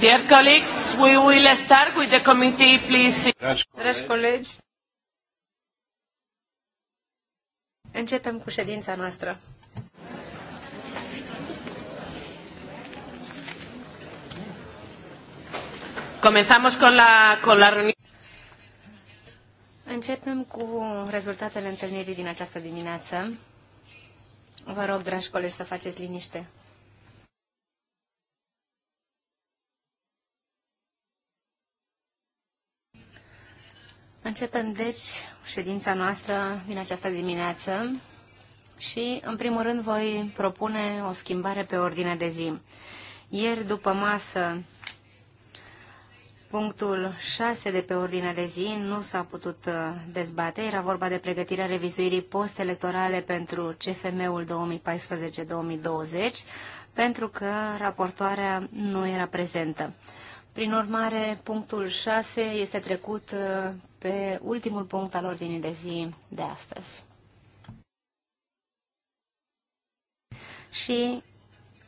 Dear colleagues, we will start with the committee, please. Dragi colegi, Dragi colegi începem cu ședința noastră. Comenzamos con la, con la reunión. Începem cu rezultatele întâlnirii din această dimineață. Vă rog, dragi colegi, să faceți liniște. Începem, deci, ședința noastră din această dimineață și, în primul rând, voi propune o schimbare pe ordine de zi. Ieri, după masă, punctul 6 de pe ordine de zi nu s-a putut uh, dezbate. Era vorba de pregătirea revizuirii postelectorale pentru CFM-ul 2014-2020, pentru că raportoarea nu era prezentă. Prin urmare, punctul 6 este trecut uh, pe ultimul punct al ordinii de zi de astăzi. Și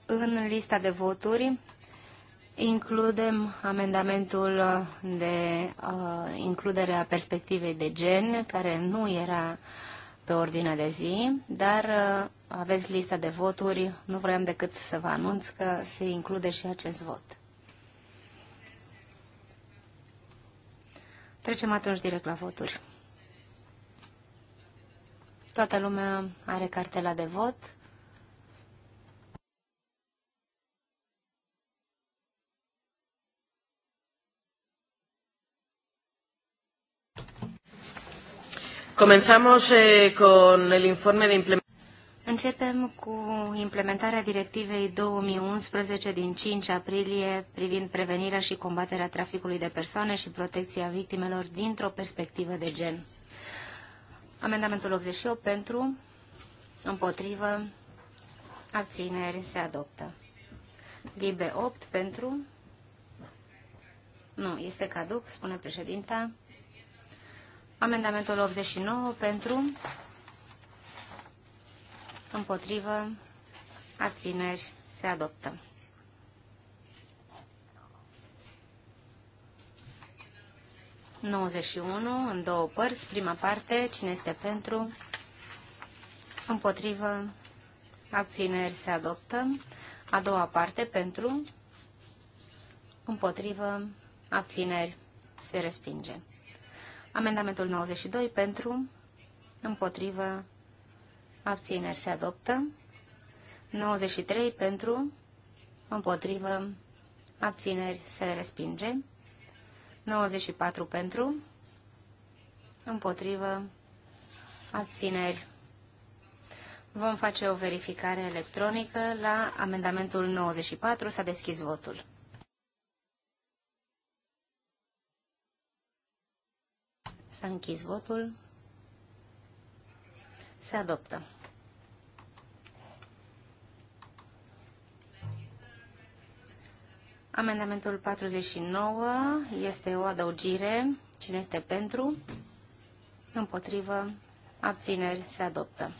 în lista de voturi includem amendamentul de uh, includere a perspectivei de gen, care nu era pe ordinea de zi, dar uh, aveți lista de voturi. Nu vreau decât să vă anunț că se include și acest vot. Trecem atunci direct la voturi. Toată lumea are cartela de vot. Comenzamos eh, con el informe de implementación. Începem cu implementarea directivei 2011 din 5 aprilie privind prevenirea și combaterea traficului de persoane și protecția victimelor dintr-o perspectivă de gen. Amendamentul 88 pentru, împotrivă, abțineri se adoptă. Libe 8 pentru, nu, este caduc, spune președinta. Amendamentul 89 pentru, împotrivă, abțineri, se adoptă. 91 în două părți, prima parte, cine este pentru, împotrivă, abțineri, se adoptă. A doua parte, pentru, împotrivă, abțineri, se respinge. Amendamentul 92 pentru, împotrivă, abțineri se adoptă, 93 pentru, împotrivă, abțineri se respinge, 94 pentru, împotrivă, abțineri. Vom face o verificare electronică la amendamentul 94. S-a deschis votul. S-a închis votul. Se adoptă. Amendamentul 49 este o adăugire. Cine este pentru? Împotrivă. Abțineri. Se adoptă.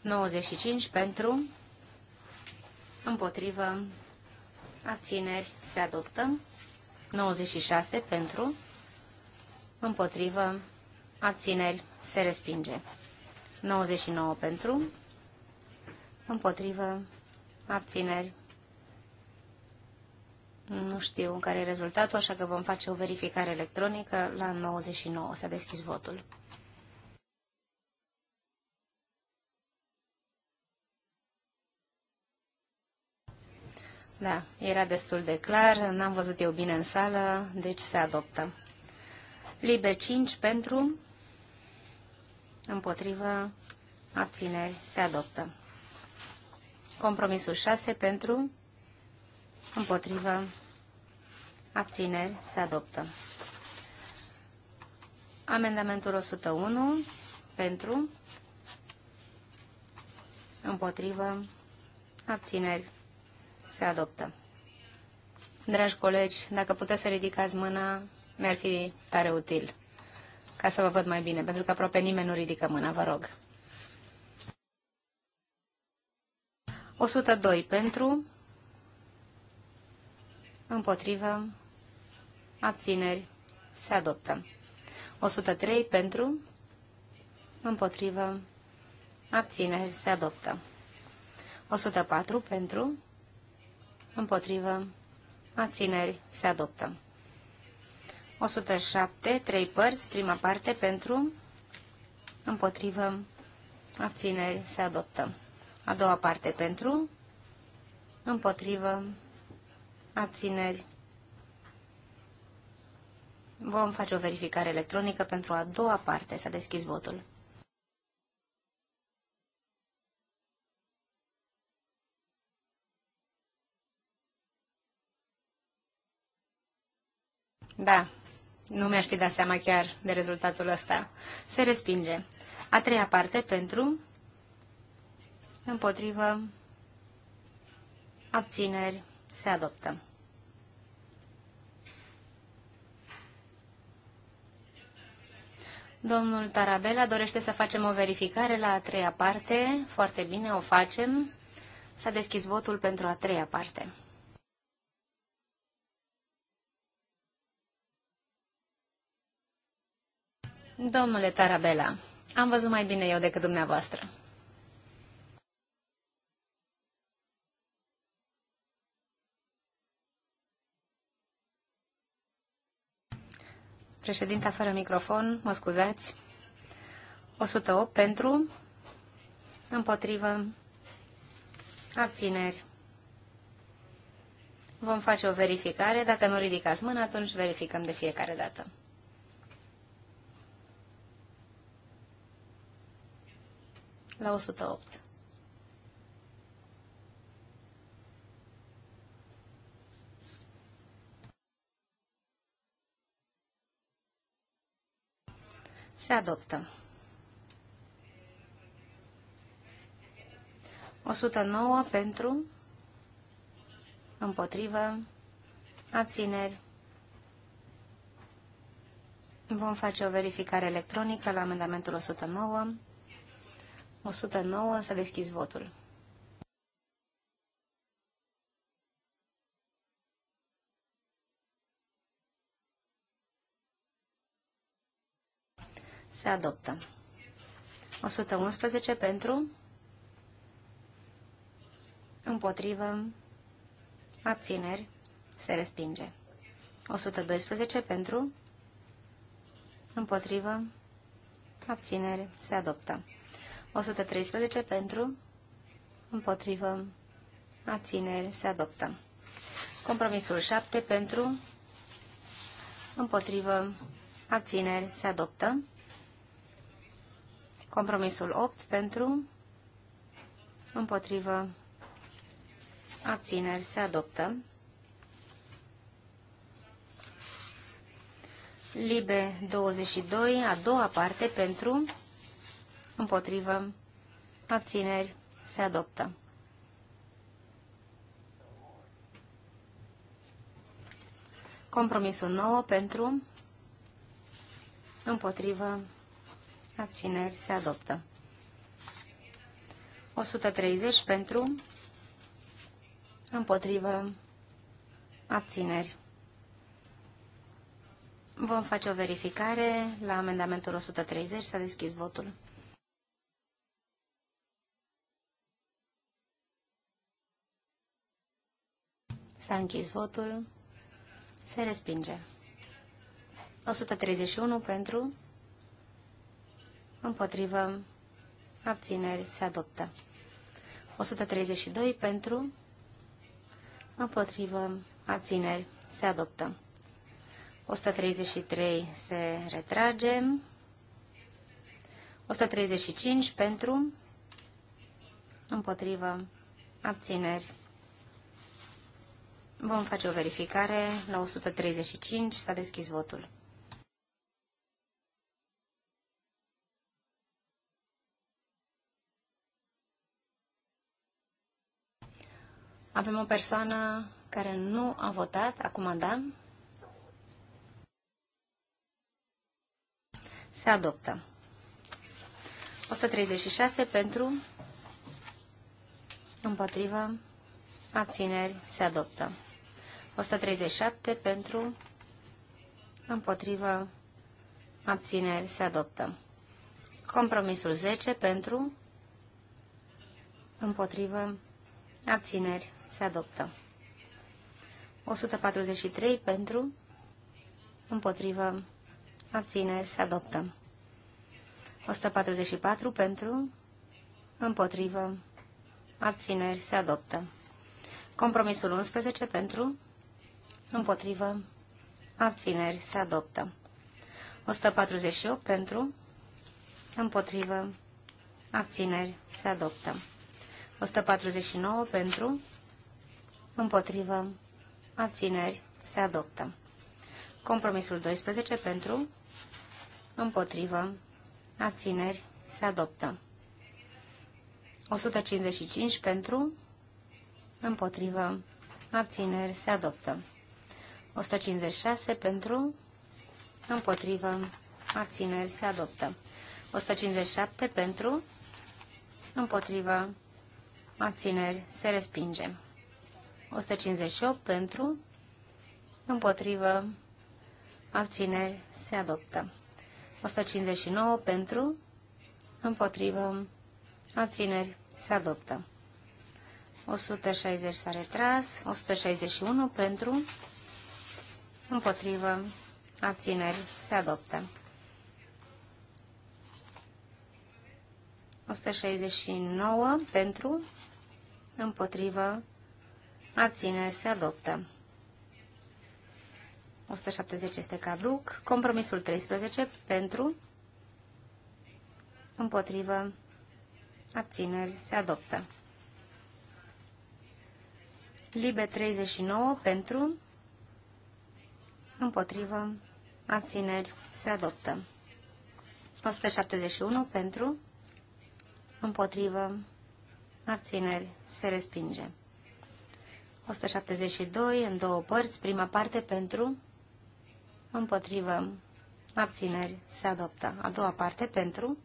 95 pentru. Împotrivă. Abțineri. Se adoptă. 96 pentru. Împotrivă. Abțineri. Se respinge. 99 pentru. Împotrivă. Abțineri. Nu știu care e rezultatul, așa că vom face o verificare electronică. La 99 s-a deschis votul. Da, era destul de clar, n-am văzut eu bine în sală, deci se adoptă. Libe 5 pentru, împotrivă, abțineri, se adoptă. Compromisul 6 pentru, împotrivă, abțineri, se adoptă. Amendamentul 101, pentru, împotrivă, abțineri, se adoptă. Dragi colegi, dacă puteți să ridicați mâna, mi-ar fi tare util, ca să vă văd mai bine, pentru că aproape nimeni nu ridică mâna, vă rog. 102 pentru, împotrivă, abțineri, se adoptă. 103 pentru, împotrivă, abțineri, se adoptă. 104 pentru, împotrivă, abțineri, se adoptă. 107, trei părți, prima parte pentru, împotrivă, abțineri, se adoptă. A doua parte pentru, împotrivă, abțineri. Vom face o verificare electronică pentru a doua parte. S-a deschis votul. Da, nu mi-aș fi dat seama chiar de rezultatul ăsta. Se respinge. A treia parte pentru, împotrivă, abțineri. Se adoptă. Domnul Tarabela dorește să facem o verificare la a treia parte. Foarte bine, o facem. S-a deschis votul pentru a treia parte. Domnule Tarabela, am văzut mai bine eu decât dumneavoastră. Președinta fără microfon, mă scuzați. 108 pentru, împotrivă, abțineri. Vom face o verificare. Dacă nu ridicați mâna, atunci verificăm de fiecare dată. La 108. Se adoptă. 109 pentru, împotrivă, abțineri. Vom face o verificare electronică la amendamentul 109. 109 să deschizi votul. Se adoptă. 111 pentru, împotrivă, abțineri, se respinge. 112 pentru, împotrivă, abțineri, se adoptă. 113 pentru, împotrivă, abțineri, se adoptă. Compromisul 7 pentru, împotrivă, abțineri, se adoptă. Compromisul 8 pentru, împotrivă, abțineri se adoptă. Libe 22, a doua parte pentru, împotrivă, abțineri se adoptă. Compromisul 9 pentru, împotrivă, abțineri, se adoptă. 130 pentru, împotrivă, abțineri. Vom face o verificare. La amendamentul 130 s-a deschis votul. S-a închis votul. Se respinge. 131 pentru, împotrivă, abțineri, se adoptă. 132 pentru, împotrivă, abțineri, se adoptă. 133 se retrage. 135 pentru, împotrivă, abțineri. Vom face o verificare. La 135 s-a deschis votul. Avem o persoană care nu a votat, acum da. Se adoptă. 136 pentru, împotriva, abțineri, se adoptă. 137 pentru, împotrivă, abțineri, se adoptă. Compromisul 10 pentru, împotrivă, abțineri, se adoptă. 143 pentru, împotrivă, abține, se adoptă. 144 pentru, împotrivă, abțineri, se adoptă. Compromisul 11 pentru, împotrivă, abțineri, se adoptă. 148 pentru, împotrivă, abțineri, se adoptă. 149 pentru, împotrivă, abțineri, se adoptă. Compromisul 12 pentru, împotrivă, abțineri, se adoptă. 155 pentru, împotrivă, abțineri, se adoptă. 156 pentru, împotrivă, abțineri, se adoptă. 157 pentru, împotrivă, abțineri, se respinge. 158 pentru, împotrivă, abțineri, se adoptă. 159 pentru, împotrivă, abțineri, se adoptă. 160 s-a retras, 161 pentru, împotrivă, abțineri, se adoptă. 169 pentru, împotrivă, abțineri, se adoptă. 170 este caduc. Compromisul 13 pentru, împotrivă, abțineri, se adoptă. Libe 39 pentru, împotrivă, abțineri, se adoptă. 171 pentru, împotrivă, abțineri, se respinge. 172 în două părți, prima parte pentru, împotrivă, abțineri, se adoptă. A doua parte pentru,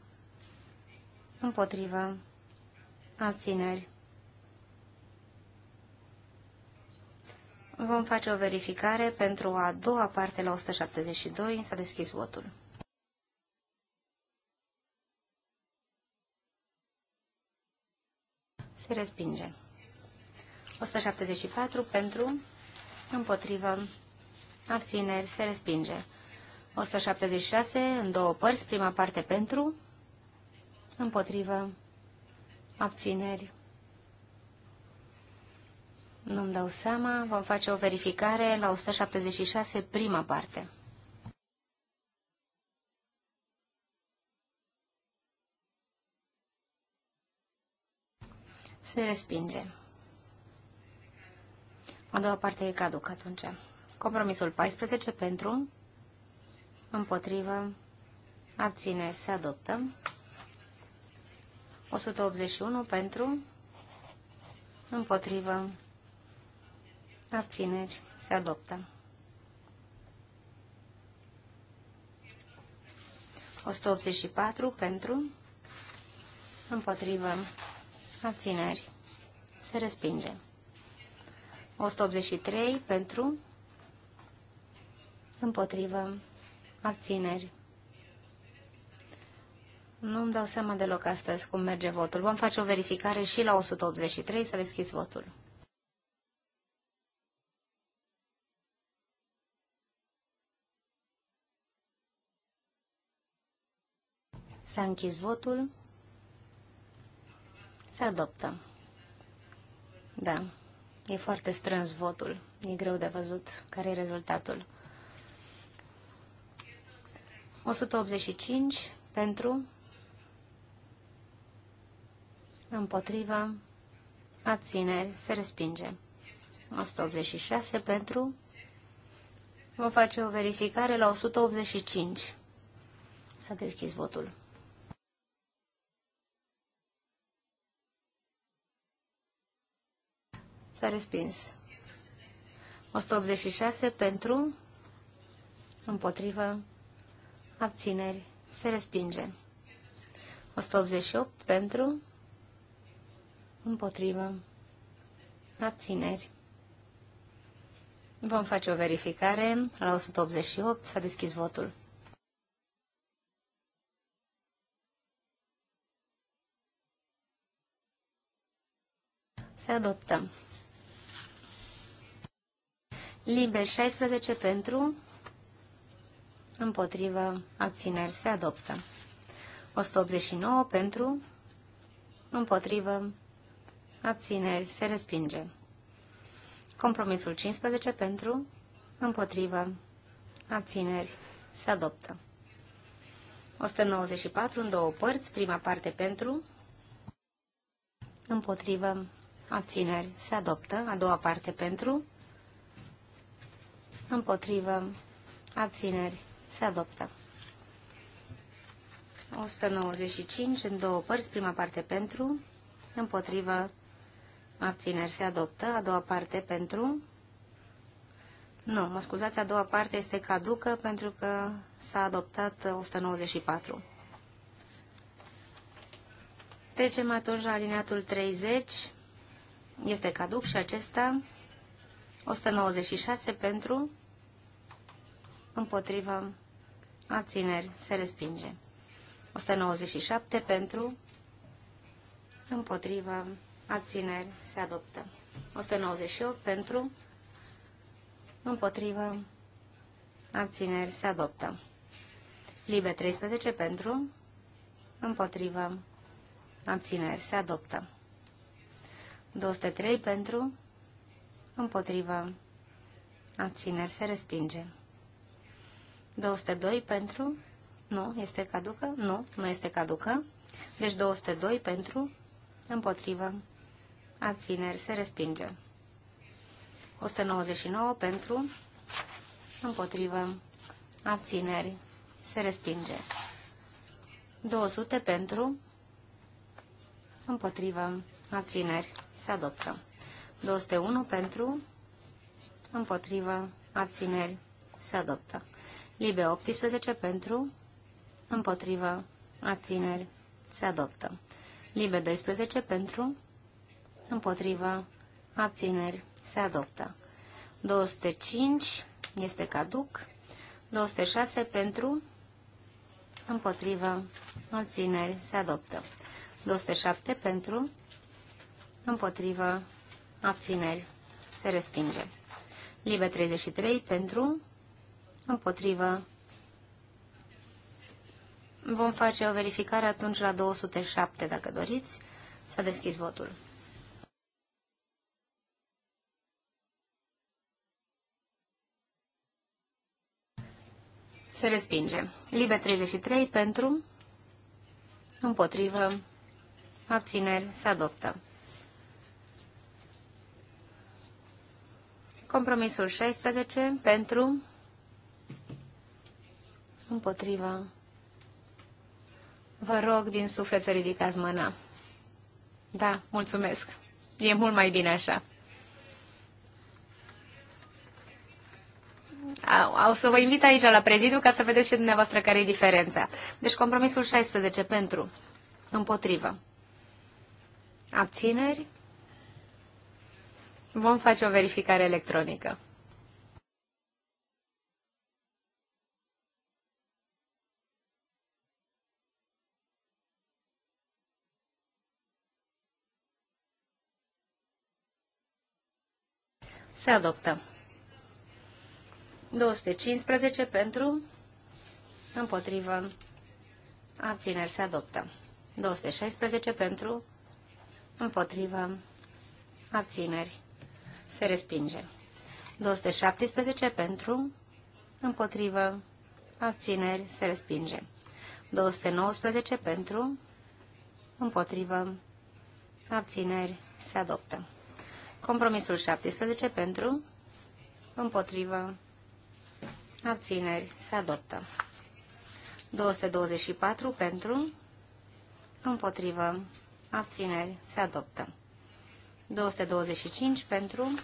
împotrivă, abțineri. Vom face o verificare pentru a doua parte la 172, s-a deschis votul. Se respinge. 174 pentru, împotrivă, abțineri, se respinge. 176 în două părți, prima parte pentru, împotrivă, abțineri. Nu-mi dau seama, vom face o verificare la 176, prima parte. Se respinge. A doua parte e caduc atunci. Compromisul 14 pentru, împotrivă, abține, se adoptă. 181 pentru, împotrivă, abțineri se adoptă. 184 pentru, împotrivă, abțineri se respinge. 183 pentru, împotrivă, abțineri. Nu îmi dau seama deloc astăzi cum merge votul. Vom face o verificare și la 183 să deschizi votul. S-a închis votul. Se adoptă. Da. E foarte strâns votul. E greu de văzut care e rezultatul. 185 pentru, împotriva, abțineri, se respinge. 186 pentru, vom face o verificare la 185. S-a deschis votul. S-a respins. 186 pentru, împotrivă, abțineri, se respinge. 188 pentru, împotrivă, abțineri. Vom face o verificare. La 188 s-a deschis votul. Se adoptă. Libe 16 pentru, împotrivă, abțineri, se adoptă. 189 pentru, împotrivă, abțineri, se respinge. Compromisul 15 pentru, împotrivă, abțineri, se adoptă. 194 în două părți, prima parte pentru, împotrivă, abțineri, se adoptă, a doua parte pentru, împotrivă, abțineri, se adoptă. 195 în două părți, prima parte pentru, împotrivă, abțineri, se adoptă, a doua parte pentru, nu, mă scuzați, a doua parte este caducă pentru că s-a adoptat 194. Trecem atunci la alineatul 30. Este caduc și acesta. 196 pentru, împotrivă, abțineri, se respinge. 197 pentru, împotrivă, abțineri, se adoptă. 198 pentru, împotrivă, abțineri, se adoptă. Libe 13 pentru, împotrivă, abțineri, se adoptă. 203 pentru, împotrivă, abțineri, se respinge. 202 pentru, nu, este caducă, nu, nu este caducă, deci 202 pentru, împotrivă, abțineri, se respinge. 199 pentru, împotrivă, abțineri, se respinge. 200 pentru, împotrivă, abțineri, se adoptă. 201 pentru, împotrivă, abțineri, se adoptă. Libe 18 pentru, împotrivă, abțineri, se adoptă. Libe 12 pentru, împotrivă, abțineri, se adoptă. 205 este caduc, 206 pentru, împotrivă, abțineri, se adoptă. 207 pentru, împotrivă, abțineri, se respinge. Libe 33 pentru, împotrivă. Vom face o verificare atunci la 207, dacă doriți. S-a deschis votul. Se respinge. Libe 33 pentru, împotrivă, abțineri, se adoptă. Compromisul 16 pentru împotriva. Vă rog din suflet să ridicați mâna. Da, mulțumesc. E mult mai bine așa. O să vă invit aici la prezidiu ca să vedeți și dumneavoastră care e diferența. Deci compromisul 16 pentru, împotrivă. Abțineri, Vom face o verificare electronică. Se adoptă. 215 pentru, împotrivă, abțineri se adoptă. 216 pentru, împotrivă, abțineri se respinge. 217 pentru, împotrivă, abțineri, se respinge. 219 pentru, împotrivă, abțineri, se adoptă. Compromisul 17 pentru, împotrivă, abțineri, se adoptă. 224 pentru, împotrivă, abțineri, se adoptă. 225 pentru,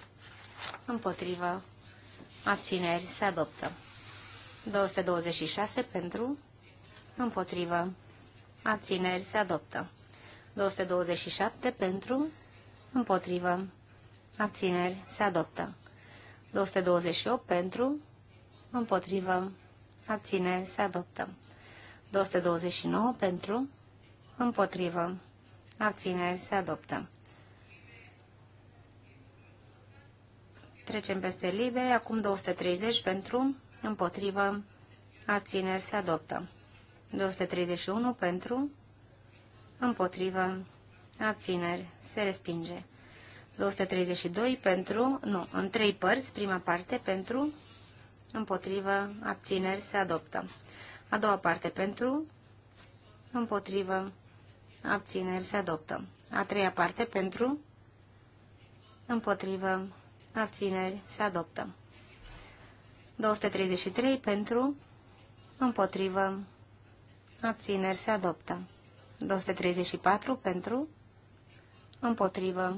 împotrivă, abțineri, se adoptă. 226 pentru, împotrivă, abțineri, se adoptă. 227 pentru, împotrivă, abțineri, se adoptă. 228 pentru, împotrivă, abțineri, se adoptă. 229 pentru, împotrivă, abțineri, se adoptă. Trecem peste libe, acum 230 pentru, împotrivă, abțineri se adoptă. 231 pentru, împotrivă, abțineri se respinge. 232 pentru, nu, în trei părți, prima parte pentru, împotrivă, abțineri se adoptă. A doua parte pentru, împotrivă, abțineri se adoptă. A treia parte pentru, împotrivă, abțineri, se adoptă. 233 pentru, împotrivă, abțineri, se adoptă. 234 pentru, împotrivă,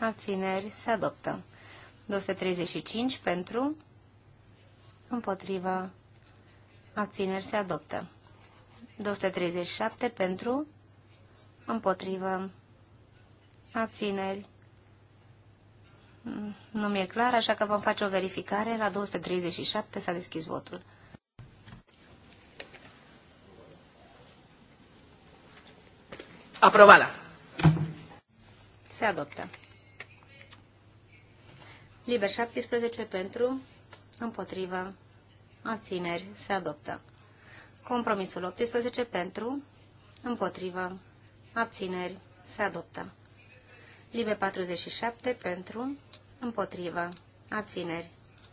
abțineri, se adoptă. 235 pentru, împotrivă, abțineri, se adoptă. 237 pentru, împotrivă, abțineri, nu mi-e clar, așa că vom face o verificare. La 237 s-a deschis votul. Aprobada. Se adoptă. Liber 17 pentru, împotrivă, abțineri, se adoptă. Compromisul 18 pentru, împotrivă, abțineri, se adoptă. Libe 47 pentru, împotrivă, abțineri,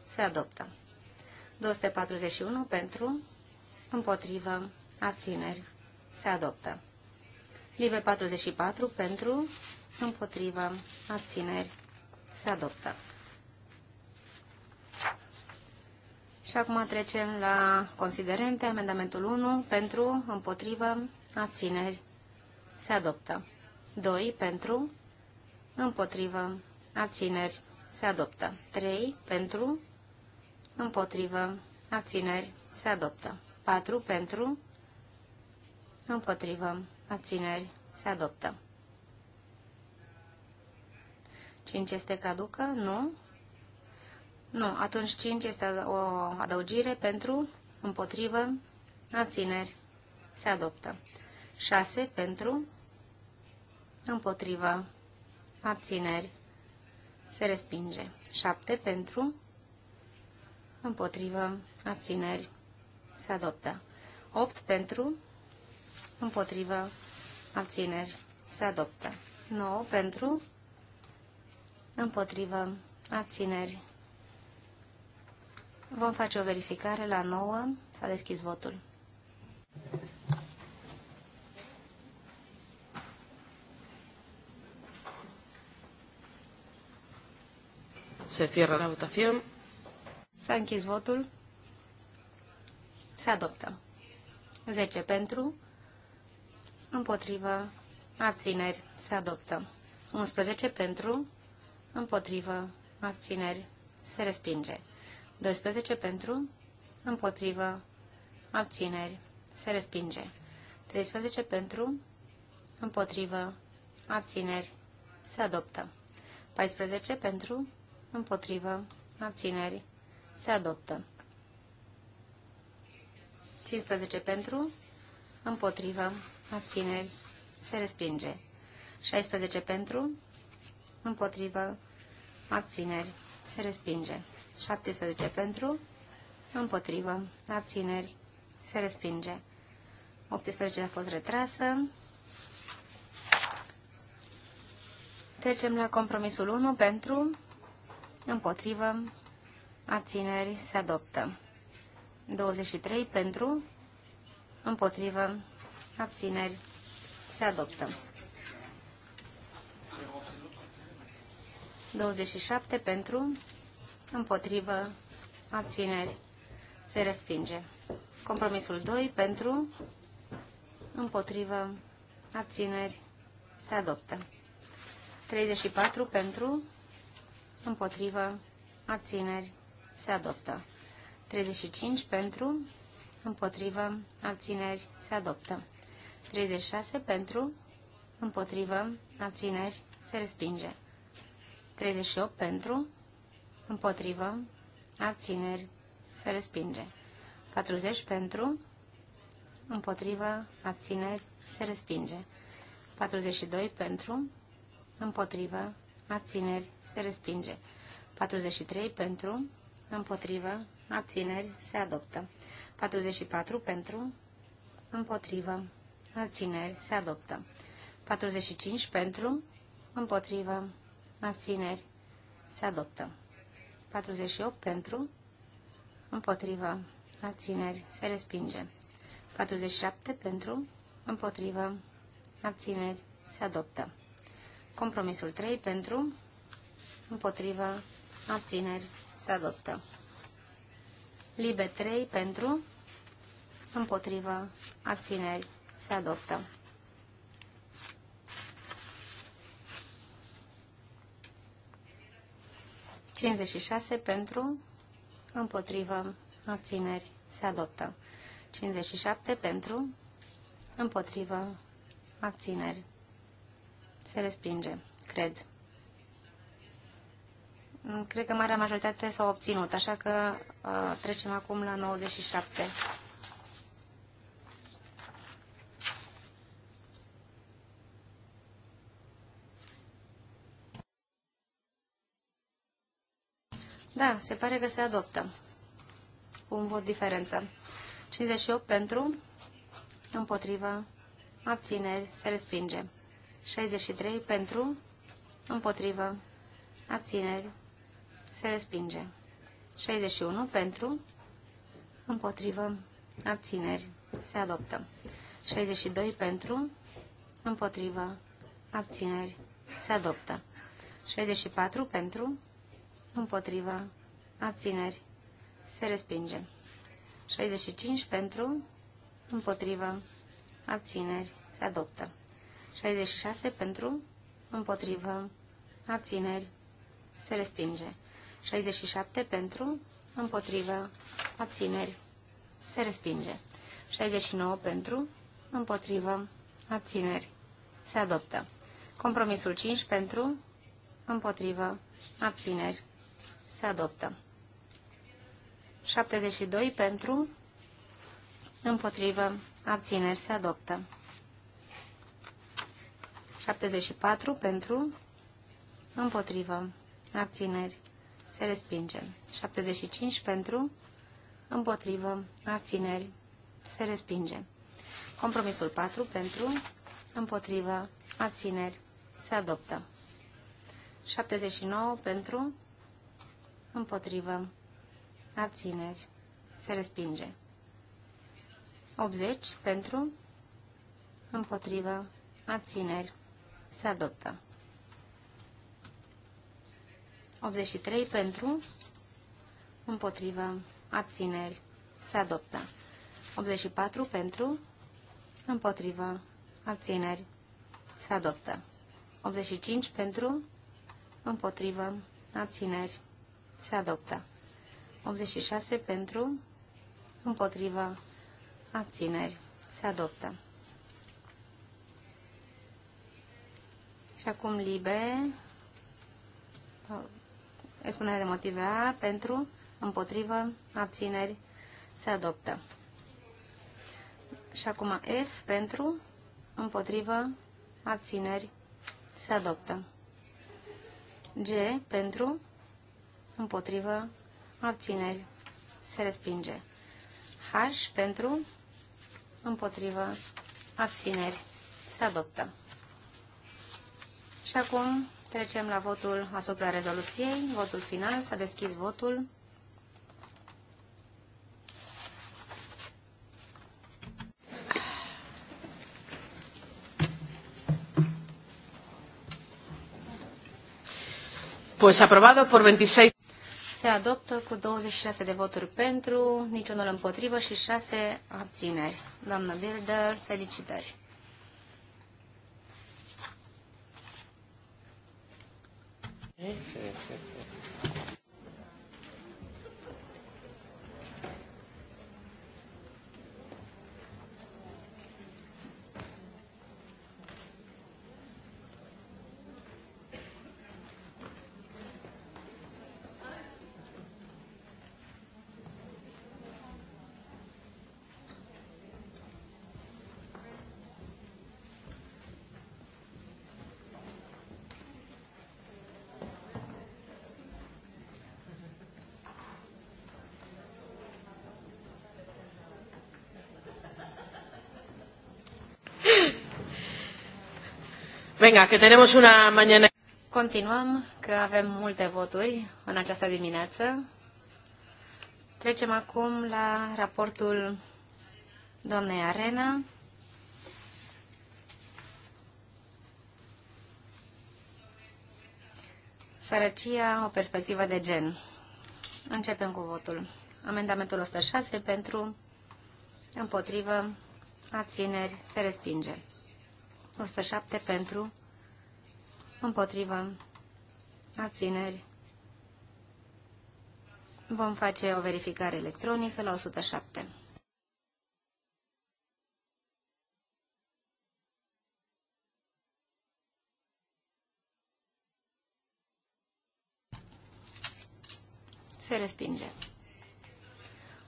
se adoptă. 241 pentru, împotrivă, abțineri, se adoptă. Live 44 pentru, împotrivă, abțineri, se adoptă. Și acum trecem la considerente. Amendamentul 1 pentru, împotrivă, abțineri, se adoptă. 2 pentru, împotrivă, abțineri, se adoptă. 3 pentru, împotrivă, abțineri, se adoptă. 4 pentru, împotrivă, abțineri, se adoptă. 5 este caducă? Nu. Nu, atunci 5 este o adăugire pentru, împotrivă, abțineri, se adoptă. 6 pentru, împotrivă, abțineri, se respinge. 7 pentru, împotrivă, abțineri, se adoptă. 8 pentru, împotrivă, abțineri, se adoptă. 9 pentru, împotrivă, abțineri. Vom face o verificare la 9, s-a deschis votul. Se cierra la votación. S-a închis votul. Se adoptă. 10 pentru, împotrivă, abțineri, se adoptă. 11 pentru, împotrivă, abțineri, se respinge. 12 pentru, împotrivă, abțineri, se respinge. 13 pentru, împotrivă, abțineri, se adoptă. 14 pentru, împotrivă, abțineri, se adoptă. 15 pentru, împotrivă, abțineri, se respinge. 16 pentru, împotrivă, abțineri, se respinge. 17 pentru, împotrivă, abțineri, se respinge. 18 a fost retrasă. Trecem la compromisul 1 pentru, împotrivă, abțineri, se adoptă. 23 pentru, împotrivă, abțineri, se adoptă. 27 pentru, împotrivă, abțineri, se respinge. Compromisul 2 pentru, împotrivă, abțineri, se adoptă. 34 pentru, împotrivă, abțineri, se adoptă. 35 pentru, împotrivă, abțineri, se adoptă. 36 pentru, împotrivă, abțineri, se respinge. 38 pentru, împotrivă, abțineri, se respinge. 40 pentru, împotrivă, abțineri, se respinge. 42 pentru, împotrivă, abțineri, se respinge. 43 pentru, împotrivă, abțineri, se adoptă. 44 pentru, împotrivă, abțineri, se adoptă. 45 pentru, împotrivă, abțineri, se adoptă. 48 pentru, împotrivă, abțineri, se respinge. 47 pentru, împotrivă, abțineri, se adoptă. Compromisul 3 pentru, împotrivă, abțineri, se adoptă. Libe 3 pentru, împotrivă, abțineri, se adoptă. Cincizeci pentru, împotrivă, abțineri, se adoptă. 57 pentru, împotrivă, abțineri, se respinge, cred. Mm, cred că marea majoritate s-a obținut, așa că uh, trecem acum la 97. Da, se pare că se adoptă. Cu un vot diferență. 58 pentru, împotriva, abțineri, se respinge. 63 pentru, împotrivă, abțineri, se respinge. 61 pentru, împotrivă, abțineri, se adoptă. 62 pentru, împotrivă, abțineri, se adoptă. 64 pentru, împotrivă, abțineri, se respinge. 65 pentru, împotrivă, abțineri, se adoptă. 66 pentru, împotrivă, abțineri, se respinge. 67 pentru, împotrivă, abțineri, se respinge. 69 pentru, împotrivă, abțineri, se adoptă. Compromisul 5 pentru, împotrivă, abțineri, se adoptă. 72 pentru, împotrivă, abțineri, se adoptă. 74 pentru, împotrivă, abțineri, se respinge. 75 pentru, împotrivă, abțineri, se respinge. Compromisul 4 pentru, împotrivă, abțineri, se adoptă. 79 pentru, împotrivă, abțineri, se respinge. 80 pentru, împotrivă, abțineri, se adoptă. 83 pentru, împotrivă, abțineri, se adoptă. 84 pentru, împotrivă, abțineri, se adoptă. 85 pentru, împotrivă, abțineri, se adoptă. 86 pentru, împotrivă, abțineri, se adoptă. Și acum libe, expunerea de motive A, pentru, împotrivă, abțineri, se adoptă. Și acum F, pentru, împotrivă, abțineri, se adoptă. G, pentru, împotrivă, abțineri, se respinge. H, pentru, împotrivă, abțineri, se adoptă. Și acum trecem la votul asupra rezoluției. Votul final. S-a deschis votul. Pues aprobado por 26. Se adoptă cu 26 de voturi pentru, niciunul împotrivă și 6 abțineri. Doamnă Bilder, felicitări! Sí, sí, sí. Venga, că tenemos una mañana. Continuăm, că avem multe voturi în această dimineață. Trecem acum la raportul doamnei Arena. Sărăcia, o perspectivă de gen. Începem cu votul. Amendamentul 106 pentru, împotrivă, abțineri, se respinge. 107 pentru, împotrivă, abțineri. Vom face o verificare electronică la 107. Se respinge.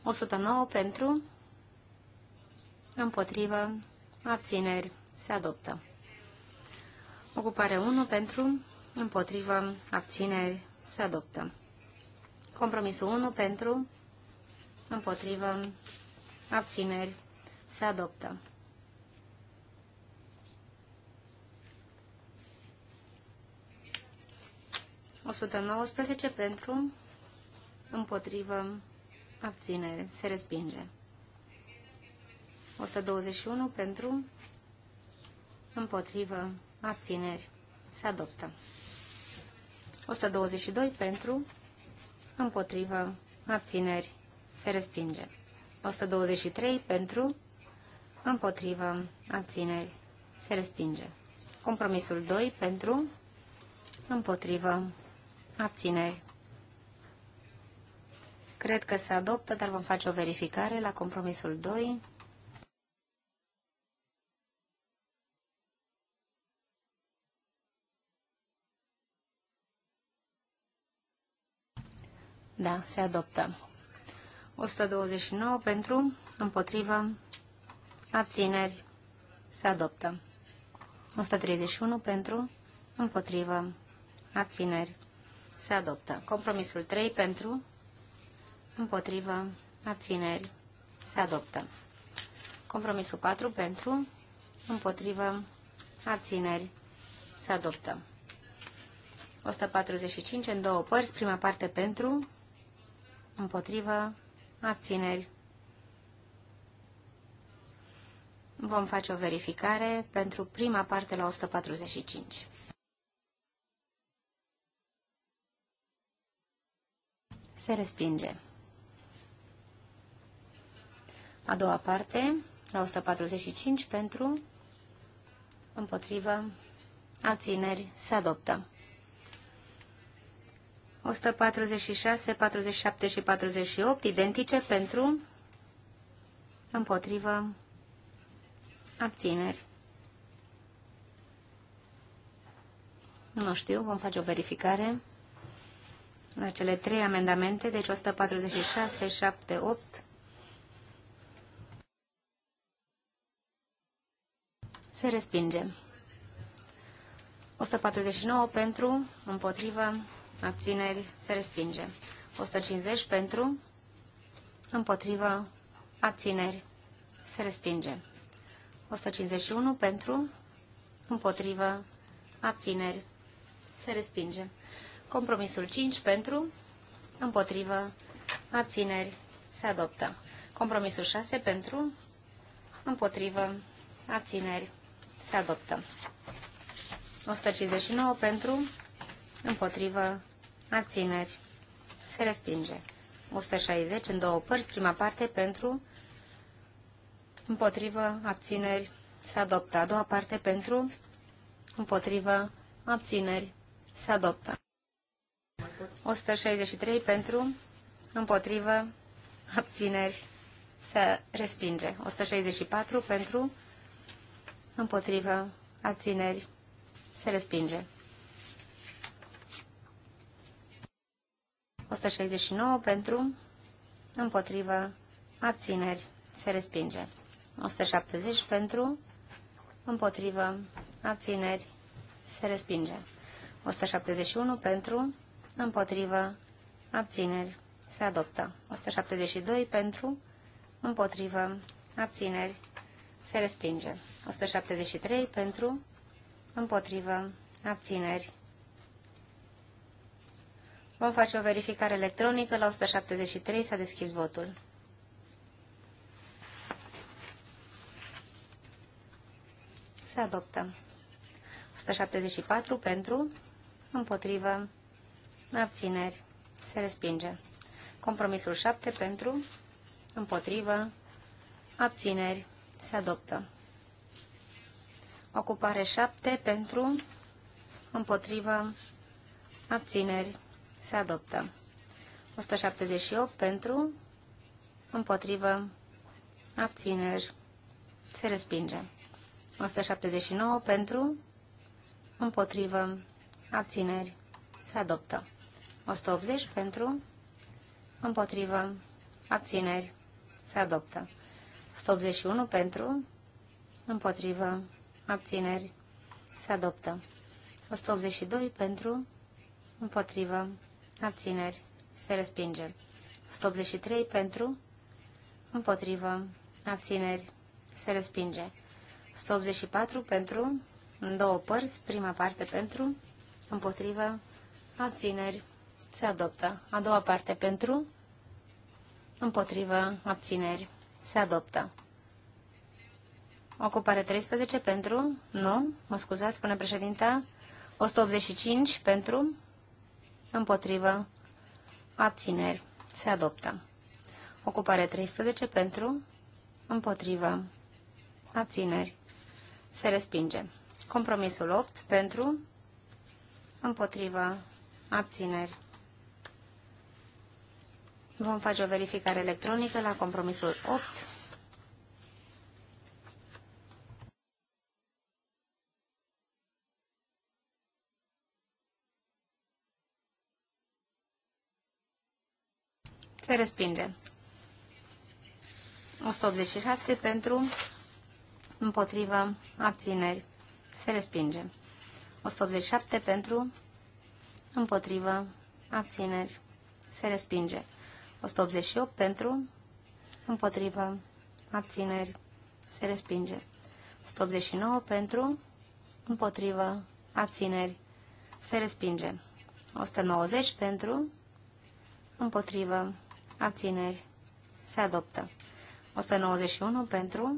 109 pentru, împotrivă, abțineri se adoptă. Ocupare 1 pentru, împotrivă, abțineri, se adoptă. Compromisul 1 pentru, împotrivă, abțineri, se adoptă. O 119 pentru, împotrivă, abțineri, se respinge. 121 pentru, împotrivă, abțineri, se adoptă. 122 pentru, împotrivă, abțineri, se respinge. 123 pentru, împotrivă, abțineri, se respinge. Compromisul 2 pentru, împotrivă, abțineri. Cred că se adoptă, dar vom face o verificare la compromisul 2. Da, se adoptă. 129 pentru, împotrivă, abțineri, se adoptă. 131 pentru, împotrivă, abțineri, se adoptă. Compromisul 3 pentru, împotrivă, abțineri, se adoptă. Compromisul 4 pentru, împotrivă, abțineri, se adoptă. 145 în două părți, prima parte pentru, împotrivă, abțineri. Vom face o verificare pentru prima parte la 145. Se respinge. A doua parte, la 145, pentru, împotrivă, abțineri, se adoptă. 146, 47 și 48, identice pentru, împotrivă, abțineri. Nu știu, vom face o verificare la cele trei amendamente, deci 146, 7, 8. Se respinge. 149 pentru, împotrivă, abțineri, se respinge. 150 pentru, împotrivă, abțineri, se respinge. 151 pentru, împotrivă, abțineri, se respinge. Compromisul 5 pentru, împotrivă, abțineri, se adoptă. Compromisul 6 pentru, împotrivă, abțineri, se adoptă. 159 pentru, împotrivă, abțineri, se respinge. 160 în două părți, prima parte pentru, împotrivă, abțineri, se adoptă. A doua parte pentru, împotrivă, abțineri, se adoptă. 163 pentru, împotrivă, abțineri, se respinge. 164 pentru, împotrivă, abțineri, se respinge. 169 pentru, împotrivă, abțineri, se respinge. 170 pentru, împotrivă, abțineri, se respinge. 171 pentru, împotrivă, abțineri, se adoptă. 172 pentru, împotrivă, abțineri, se respinge. 173 pentru, împotrivă, abțineri, Vom face o verificare electronică. La 173 s-a deschis votul. Se adoptă. 174 pentru, împotrivă, abțineri, se respinge. Compromisul 7 pentru, împotrivă, abțineri, se adoptă. Ocupare 7 pentru, împotrivă, abțineri, se adoptă. 178 pentru, împotrivă, abțineri, se respinge. 179 pentru, împotrivă, abțineri, se adoptă. 180 pentru, împotrivă, abțineri, se adoptă. 181 pentru, împotrivă, abțineri, se adoptă. 182 pentru, împotrivă, abțineri, se respinge. 183 pentru, împotrivă, abțineri, se respinge. 184 pentru, în două părți, prima parte pentru, împotrivă, abțineri, se adoptă. A doua parte pentru, împotrivă, abțineri, se adoptă. Ocupare 13 pentru, nu, mă scuzați, spune președinta, 185 pentru, împotrivă, abțineri, se adoptă. Ocupare 13 pentru, împotrivă, abțineri, se respinge. Compromisul 8 pentru, împotrivă, abțineri. Vom face o verificare electronică la compromisul 8. Se respinge. 186 pentru, împotrivă, abțineri. Se respinge. 187 pentru, împotrivă, abțineri. Se respinge. 188 pentru, împotrivă, abțineri. Se respinge. 189 pentru, împotrivă, abțineri. Se respinge. 190 pentru, împotrivă, abțineri, se adoptă. 191 pentru,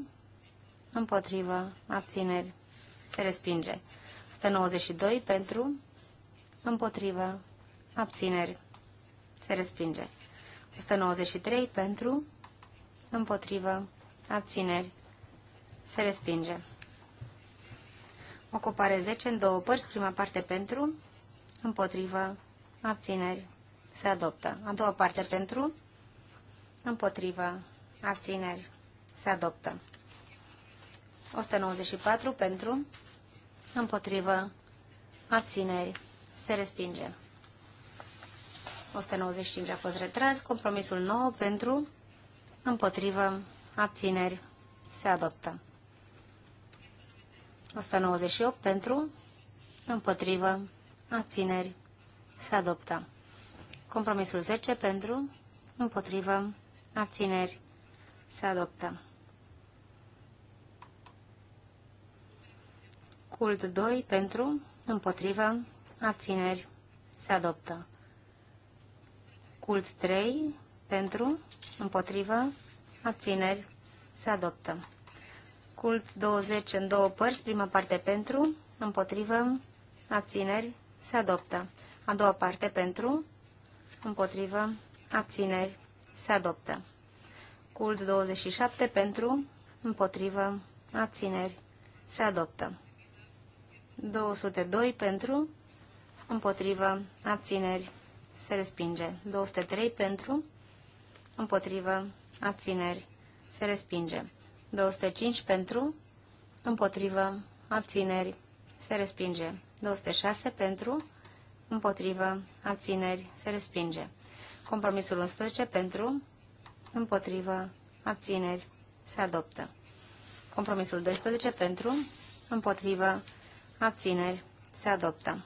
împotrivă, abțineri, se respinge. 192 pentru, împotrivă, abțineri, se respinge. 193 pentru, împotrivă, abțineri, se respinge. Ocupare 10 în două părți, prima parte pentru, împotrivă, abțineri, se adoptă. A doua parte pentru, împotrivă, abțineri, se adoptă. 194 pentru, împotrivă, abțineri, se respinge. 195 a fost retras, compromisul 9 pentru, împotrivă, abțineri, se adoptă. 198 pentru, împotrivă, abțineri, se adoptă. Compromisul 10 pentru, împotrivă, abțineri, se adoptă. Cult 2 pentru, împotrivă, abțineri, se adoptă. Cult 3 pentru, împotrivă, abțineri, se adoptă. Cult 20 în două părți, prima parte pentru, împotrivă, abțineri, se adoptă. A doua parte pentru, împotrivă, abțineri, se adoptă. Cult 27 pentru, împotrivă, abțineri, se adoptă. 202 pentru, împotrivă, abțineri, se respinge. 203 pentru, împotrivă, abțineri, se respinge. 205 pentru, împotrivă, abțineri, se respinge. 206 pentru, împotrivă, abțineri, se respinge. Compromisul 11 pentru, împotrivă, abțineri, se adoptă. Compromisul 12 pentru, împotrivă, abțineri, se adoptă.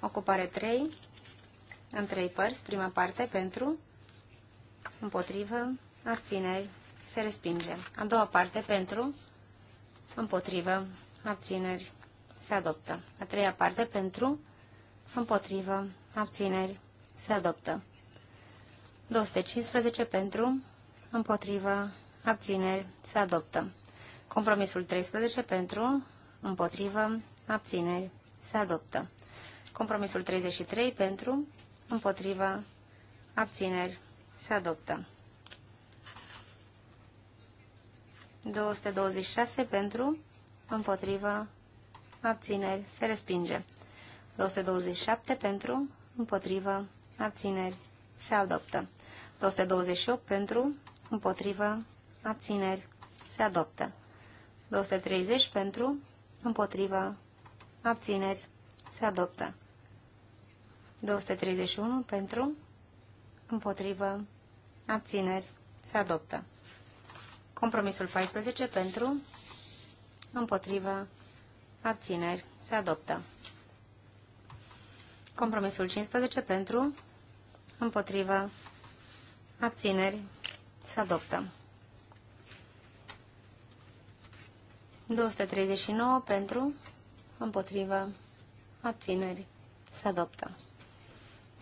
Ocupare 3, în trei părți, prima parte pentru, împotrivă, abțineri, se respinge. A doua parte pentru, împotrivă, abțineri, se adoptă. A treia parte pentru, împotrivă, abțineri, se adoptă. 215 pentru, împotrivă, abțineri, se adoptă. Compromisul 13 pentru, împotrivă, abțineri, se adoptă. Compromisul 33 pentru, împotrivă, abțineri, se adoptă. 226 pentru, împotrivă, abțineri, se respinge. 227 pentru, împotrivă, abțineri, se adoptă. 228 pentru, împotrivă, abțineri, se adoptă. 230 pentru, împotrivă, abțineri, se adoptă. 231 pentru, împotrivă, abțineri, se adoptă. Compromisul 14 pentru, împotrivă, abțineri, se adoptă. Compromisul 15 pentru, împotrivă, Abțineri. să adoptăm 239 pentru, împotrivă, abțineri, să adoptă.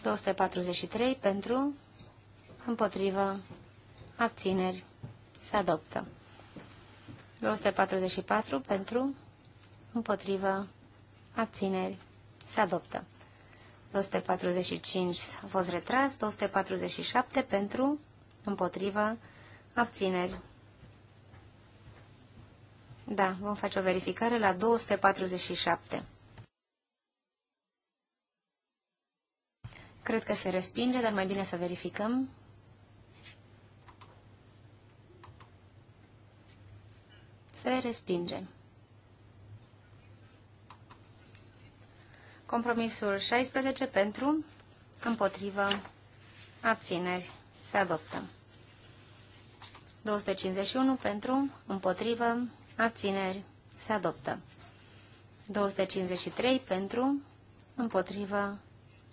243 pentru, împotrivă, abțineri, să adoptă. 244 pentru, împotrivă, abțineri, să adoptă. 245 a fost retras, 247 pentru, împotriva, abțineri. Da, vom face o verificare la 247. Cred că se respinge, dar mai bine să verificăm. Se respinge. Compromisul 16 pentru, împotrivă, abțineri, se adoptă. 251 pentru, împotrivă, abțineri, se adoptă. 253 pentru, împotrivă,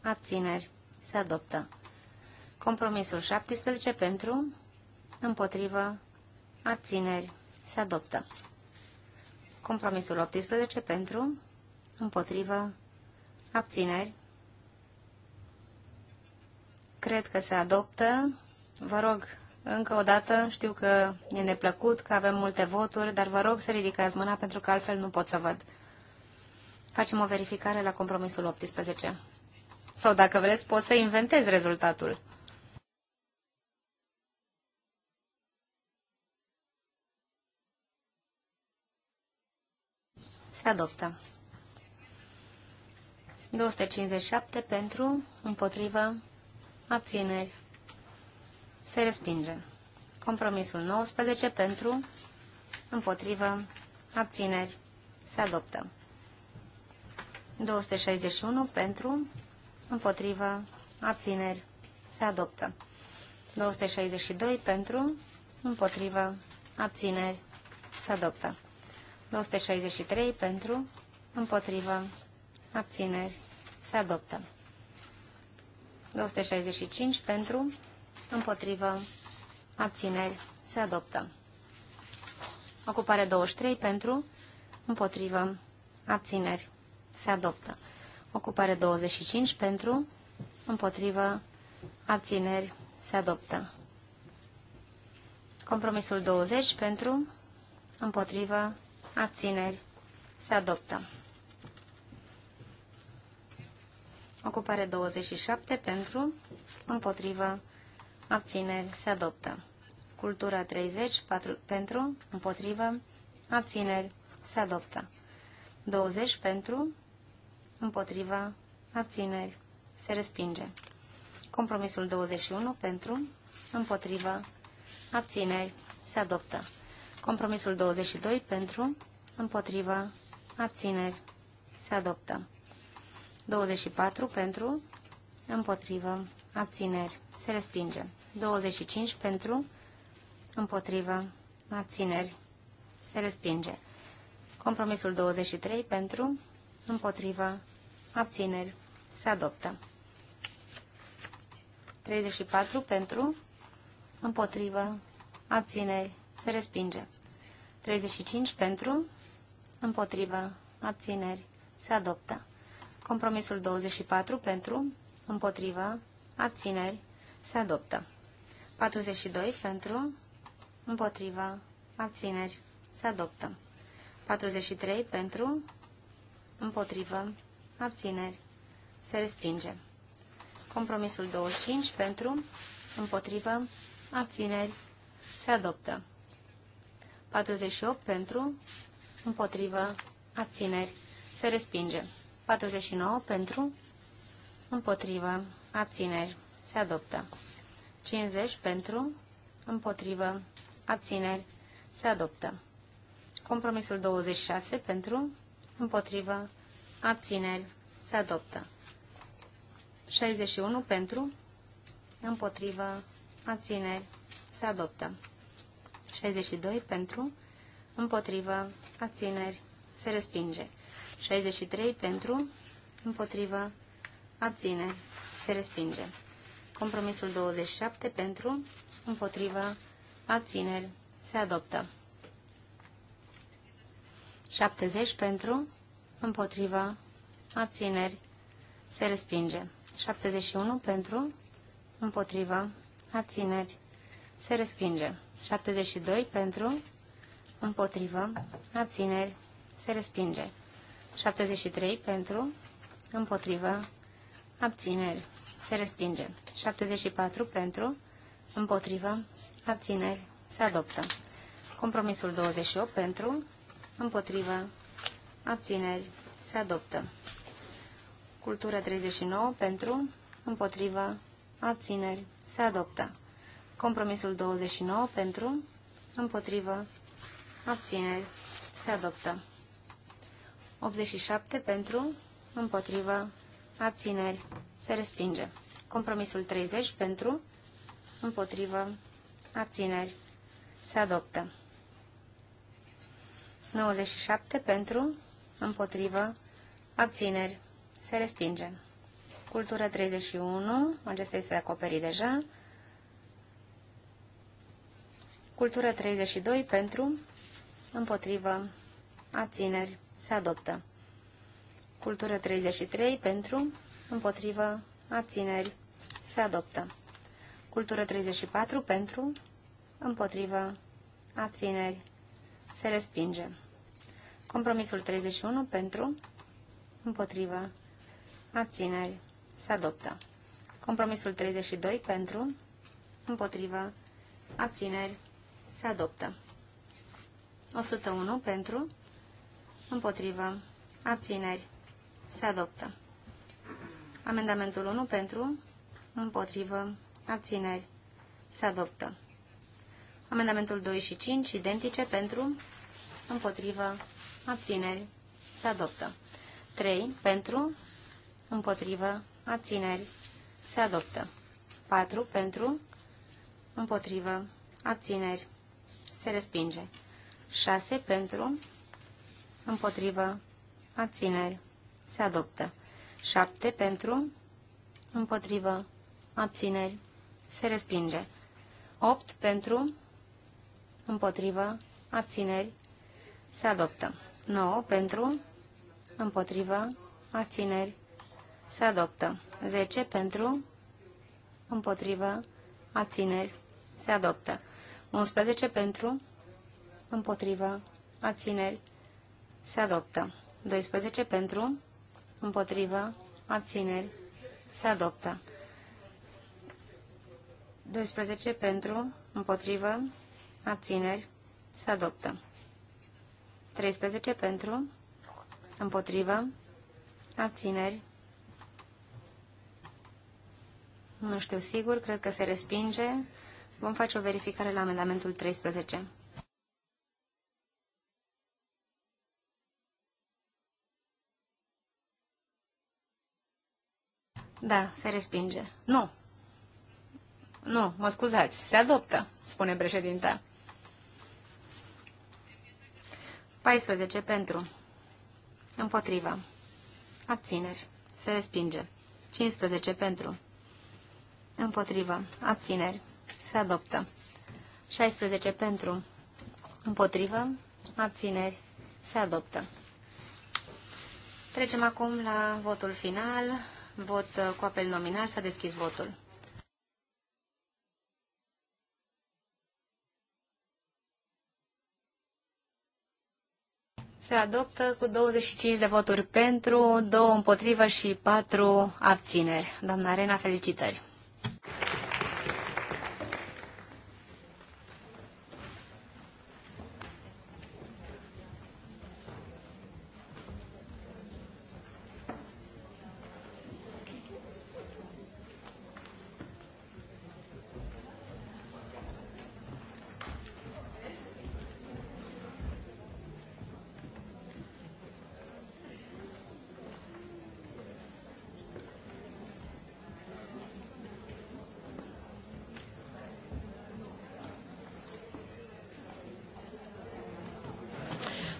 abțineri, se adoptă. Compromisul 17 pentru, împotrivă, abțineri, se adoptă. Compromisul 18 pentru, împotrivă, Abțineri. Cred că se adoptă. Vă rog, încă o dată, știu că e neplăcut, că avem multe voturi, dar vă rog să ridicați mâna pentru că altfel nu pot să văd. Facem o verificare la compromisul 18. Sau dacă vreți, pot să inventez rezultatul. Se adoptă. 257 pentru, împotrivă, abțineri, se respinge. Compromisul 19 pentru, împotrivă, abțineri, se adoptă. 261 pentru, împotrivă, abțineri, se adoptă. 262 pentru, împotrivă, abțineri, se adoptă. 263 pentru, împotrivă, abțineri, se adoptă. 265 pentru, împotrivă, abțineri, se adoptă. Ocupare 23 pentru, împotrivă, abțineri, se adoptă. Ocupare 25 pentru, împotrivă, abțineri, se adoptă. Compromisul 20 pentru, împotrivă, abțineri, se adoptă. Ocupare 27 pentru, împotrivă, abțineri, se adoptă. Cultura 30 4, pentru, împotrivă, abțineri, se adoptă. 20 pentru, împotrivă, abțineri, se respinge. Compromisul 21 pentru, împotrivă, abțineri, se adoptă. Compromisul 22 pentru, împotrivă, abțineri, se adoptă. 24 pentru, împotrivă, abțineri, se respinge. 25 pentru, împotrivă, abțineri, se respinge. Compromisul 23 pentru, împotrivă, abțineri, se adoptă. 34 pentru, împotrivă, abțineri, se respinge. 35 pentru, împotrivă, abțineri, se adoptă. Compromisul 24 pentru, împotrivă, abțineri, se adoptă. 42 pentru, împotrivă, abțineri, se adoptă. 43 pentru, împotrivă, abțineri, se respinge. Compromisul 25 pentru, împotrivă, abțineri, se adoptă. 48 pentru, împotrivă, abțineri, se respinge. 49 pentru, împotrivă, abțineri, se adoptă. 50 pentru, împotrivă, abțineri, se adoptă. Compromisul 26 pentru, împotrivă, abțineri, se adoptă. 61 pentru, împotrivă, abțineri, se adoptă. 62 pentru, împotrivă, abțineri, se respinge. 63 pentru, împotrivă, abțineri, se respinge. Compromisul 27 pentru, împotrivă, abțineri, se adoptă. 70 pentru, împotrivă, abțineri, se respinge. 71 pentru, împotrivă, abțineri, se respinge. 72 pentru, împotrivă, abțineri, se respinge. 73 pentru, împotrivă, abțineri, se respinge. 74 pentru, împotrivă, abțineri, se adoptă. Compromisul 28 pentru, împotrivă, abțineri, se adoptă. Cultură 39 pentru, împotrivă, abțineri, se adoptă. Compromisul 29 pentru, împotrivă, abțineri, se adoptă. 87 pentru, împotrivă, abțineri, se respinge. Compromisul 30 pentru, împotrivă, abțineri, se adoptă. 97 pentru, împotrivă, abțineri, se respinge. Cultură 31, acesta este acoperit deja. Cultură 32 pentru, împotrivă, abțineri, se adoptă. Cultură 33 pentru, împotrivă, abțineri, se adoptă. Cultură 34 pentru, împotrivă, abțineri, se respinge. Compromisul 31 pentru, împotrivă, abțineri, se adoptă. Compromisul 32 pentru, împotrivă, abțineri, se adoptă. 101 pentru, împotrivă, abțineri, se adoptă. Amendamentul 1 pentru, împotrivă, abțineri, se adoptă. Amendamentul 2 și 5, identice, pentru, împotrivă, abțineri, se adoptă. 3 pentru, împotrivă, abțineri, se adoptă. 4 pentru, împotrivă, abțineri, se respinge. 6 pentru, împotrivă, abțineri, se adoptă. 7 pentru, împotrivă, abțineri, se respinge. 8 pentru, împotrivă, abțineri, se adoptă. 9 pentru, împotrivă, abțineri, se adoptă. 10 pentru, împotrivă, abțineri, se adoptă. 11 pentru, împotrivă, abțineri, se adoptă. 12 pentru, împotrivă, abțineri, se adoptă. 12 pentru, împotrivă, abțineri, se adoptă. 13 pentru, împotrivă, abțineri. Nu știu sigur, cred că se respinge. Vom face o verificare la amendamentul 13. Da, se respinge. Nu. Nu, mă scuzați, se adoptă, spune președinta. 14 pentru. Împotriva. Abțineri. Se respinge. 15 pentru. Împotriva. Abțineri. Se adoptă. 16 pentru. Împotriva. Abțineri. Se adoptă. Trecem acum la votul final. Vot uh, cu apel nominal. S-a deschis votul. Se adoptă cu 25 de voturi pentru, 2 împotrivă și 4 abțineri. Doamna Arena, felicitări!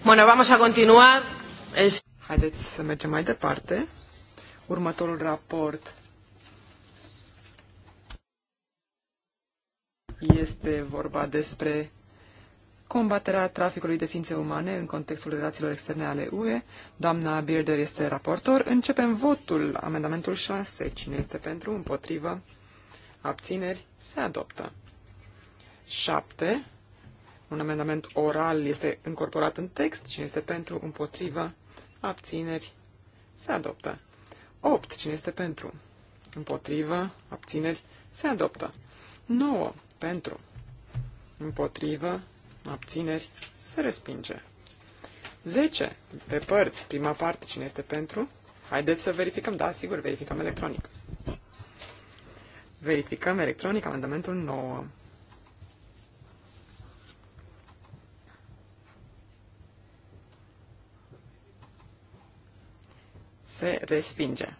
Bueno, vamos a continua. Haideți să mergem mai departe. Următorul raport este vorba despre combaterea traficului de ființe umane în contextul relațiilor externe ale UE. Doamna Birder este raportor. Începem votul. Amendamentul 6. Cine este pentru? Împotrivă? Abțineri? Se adoptă. 7. Un amendament oral este încorporat în text. Cine este pentru, împotrivă, abțineri, se adoptă. 8. Cine este pentru, împotrivă, abțineri, se adoptă. 9. Pentru, împotrivă, abțineri, se respinge. 10. Pe părți, prima parte, cine este pentru? Haideți să verificăm, da, sigur, verificăm electronic. Verificăm electronic amendamentul 9. se respinge.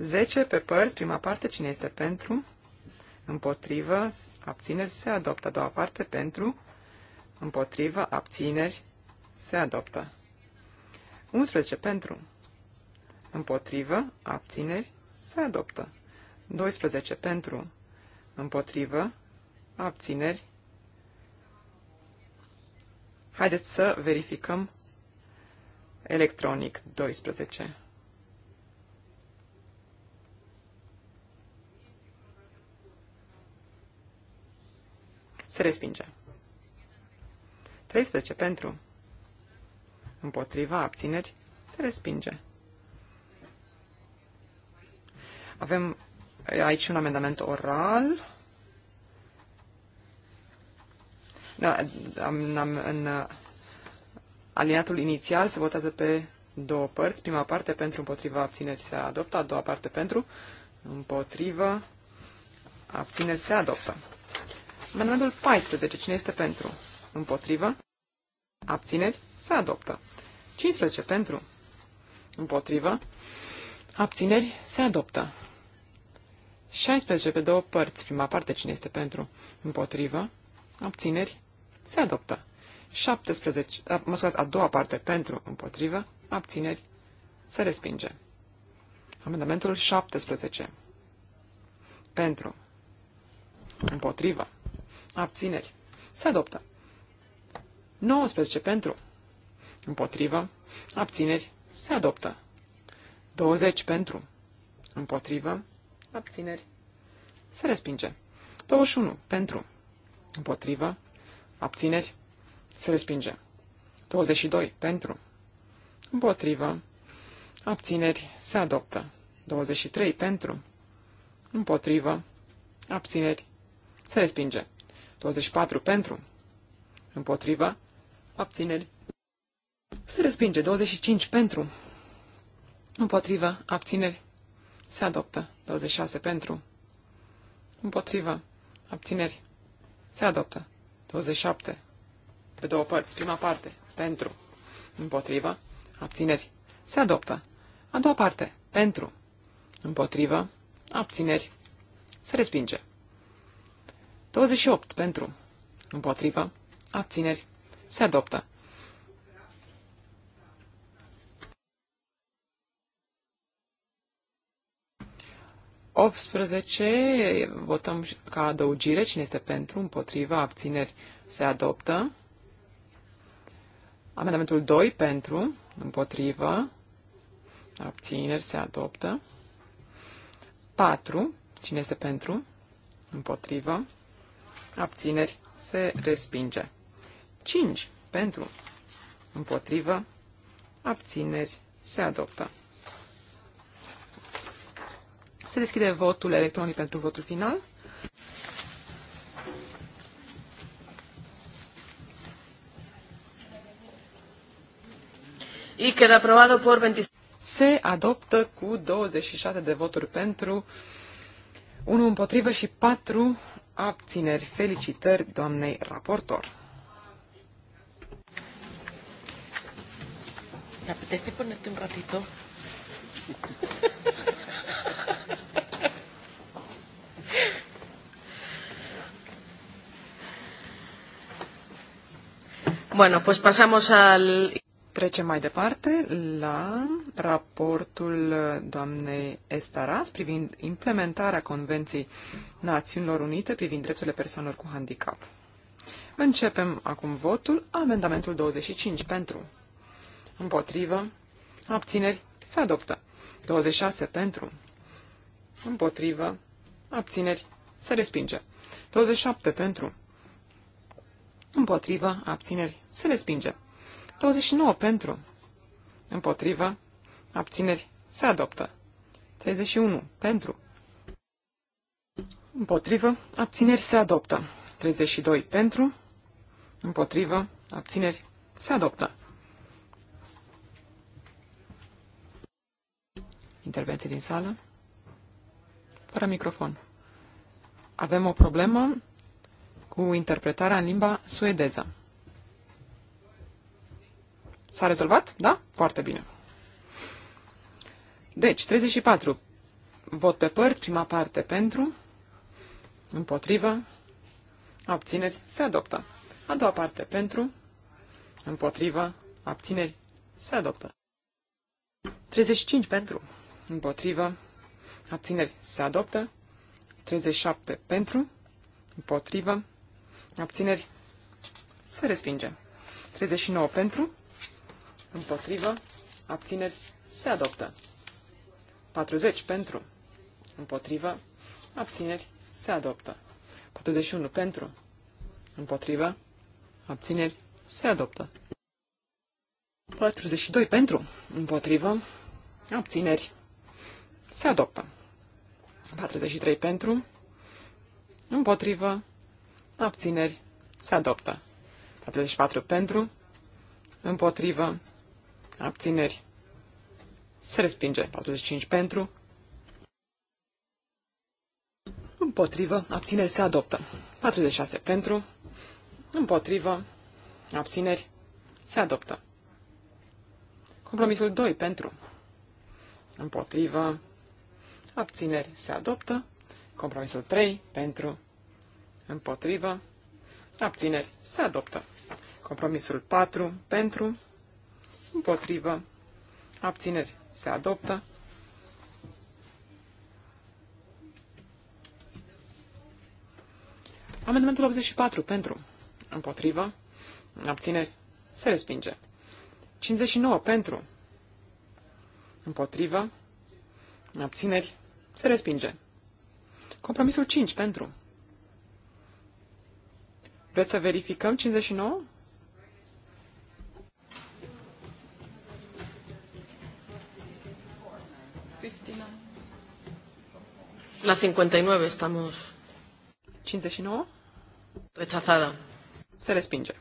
10 pe părți, prima parte, cine este pentru, împotrivă, abțineri, se adoptă. A doua parte, pentru, împotrivă, abțineri, se adoptă. 11 pentru, împotrivă, abțineri, se adoptă. 12 pentru, împotrivă, abțineri. Haideți să verificăm electronic 12. Se respinge. 13 pentru. Împotriva abțineri. Se respinge. Avem aici un amendament oral. Da, am, am, în aliniatul inițial se votează pe două părți. Prima parte pentru împotriva abțineri se adoptă, a doua parte pentru împotriva abțineri se adoptă. Amendamentul 14. Cine este pentru? Împotrivă. Abțineri. Se adoptă. 15. Pentru. Împotrivă. Abțineri. Se adoptă. 16 pe două părți. Prima parte, cine este pentru? Împotrivă. Abțineri. Se adoptă. 17, mă scuzați, a doua parte, pentru, împotrivă, abțineri, se respinge. Amendamentul 17. Pentru, împotrivă, Abțineri. Se adoptă. 19 pentru. Împotrivă. Abțineri. Se adoptă. 20 pentru. Împotrivă. Abțineri. Se respinge. 21 pentru. Împotrivă. Abțineri. Se respinge. 22 pentru. Împotrivă. Abțineri. Se adoptă. 23 pentru. Împotrivă. Abțineri. Se respinge. 24 pentru, împotriva, abțineri. Se respinge 25 pentru, împotriva, abțineri. Se adoptă 26 pentru, împotriva, abțineri. Se adoptă 27 pe două părți, prima parte, pentru, împotriva, abțineri. Se adoptă. A doua parte, pentru, împotriva, abțineri. Se respinge. 28 pentru. Împotrivă. Abțineri. Se adoptă. Optsprezece, votăm ca adăugire, cine este pentru, împotriva, abțineri, se adoptă. Amendamentul 2, pentru, împotrivă, abțineri, se adoptă. 4, cine este pentru, împotrivă, abțineri, se respinge. 5 pentru, împotrivă, abțineri, se adoptă. Se deschide votul electronic pentru votul final. Y queda aprobado por 26. Se adoptă cu 26 de voturi pentru, 1 împotrivă și 4 abțineri. Felicitări doamnei raportor. ¿Te apetece ponerte un ratito? Bueno, pues pasamos al... Trecem mai departe la raportul doamnei Estaras privind implementarea Convenției Națiunilor Unite privind drepturile persoanelor cu handicap. Începem acum votul. Amendamentul 25 pentru. Împotrivă. Abțineri. Se adoptă. 26 pentru. Împotrivă. Abțineri. Se respinge. 27 pentru. Împotrivă. Abțineri. Se respinge. 29 pentru. Împotrivă. Abțineri. Se adoptă. 31 pentru. Împotrivă. Abțineri. Se adoptă. 32 pentru. Împotrivă. Abțineri. Se adoptă. Intervenții din sală. Fără microfon. Avem o problemă cu interpretarea în limba suedeză. S-a rezolvat? Da? Foarte bine. Deci, 34. Vot pe părți, prima parte pentru, împotrivă, abțineri, se adoptă. A doua parte pentru, împotrivă, abțineri, se adoptă. 35 pentru, împotrivă, abțineri, se adoptă. 37 pentru, împotrivă, abțineri, se respinge. 39 pentru, Împotrivă. Abțineri. Se adoptă. 40 pentru. Împotrivă. Abțineri. Se adoptă. 41 pentru. Împotrivă. Abțineri. Se adoptă. 42 pentru. Împotrivă. Abțineri. Se adoptă. 43 pentru. Împotrivă. Abțineri. Se adoptă. 44 pentru. Împotrivă. Abțineri. Se respinge. 45 pentru. Împotrivă. Abțineri se adoptă. 46 pentru. Împotrivă. Abțineri. Se adoptă. Compromisul 2 pentru. Împotrivă. Abțineri se adoptă. Compromisul 3 pentru. Împotrivă. Abțineri se adoptă. Compromisul 4 pentru. Împotrivă. Abțineri. Se adoptă. Amendamentul 84. Pentru. Împotrivă. Abțineri. Se respinge. 59. Pentru. Împotrivă. Abțineri. Se respinge. Compromisul 5. Pentru. Vreți să verificăm 59? La 59 estamos. 59? Rechazada. Se respinge.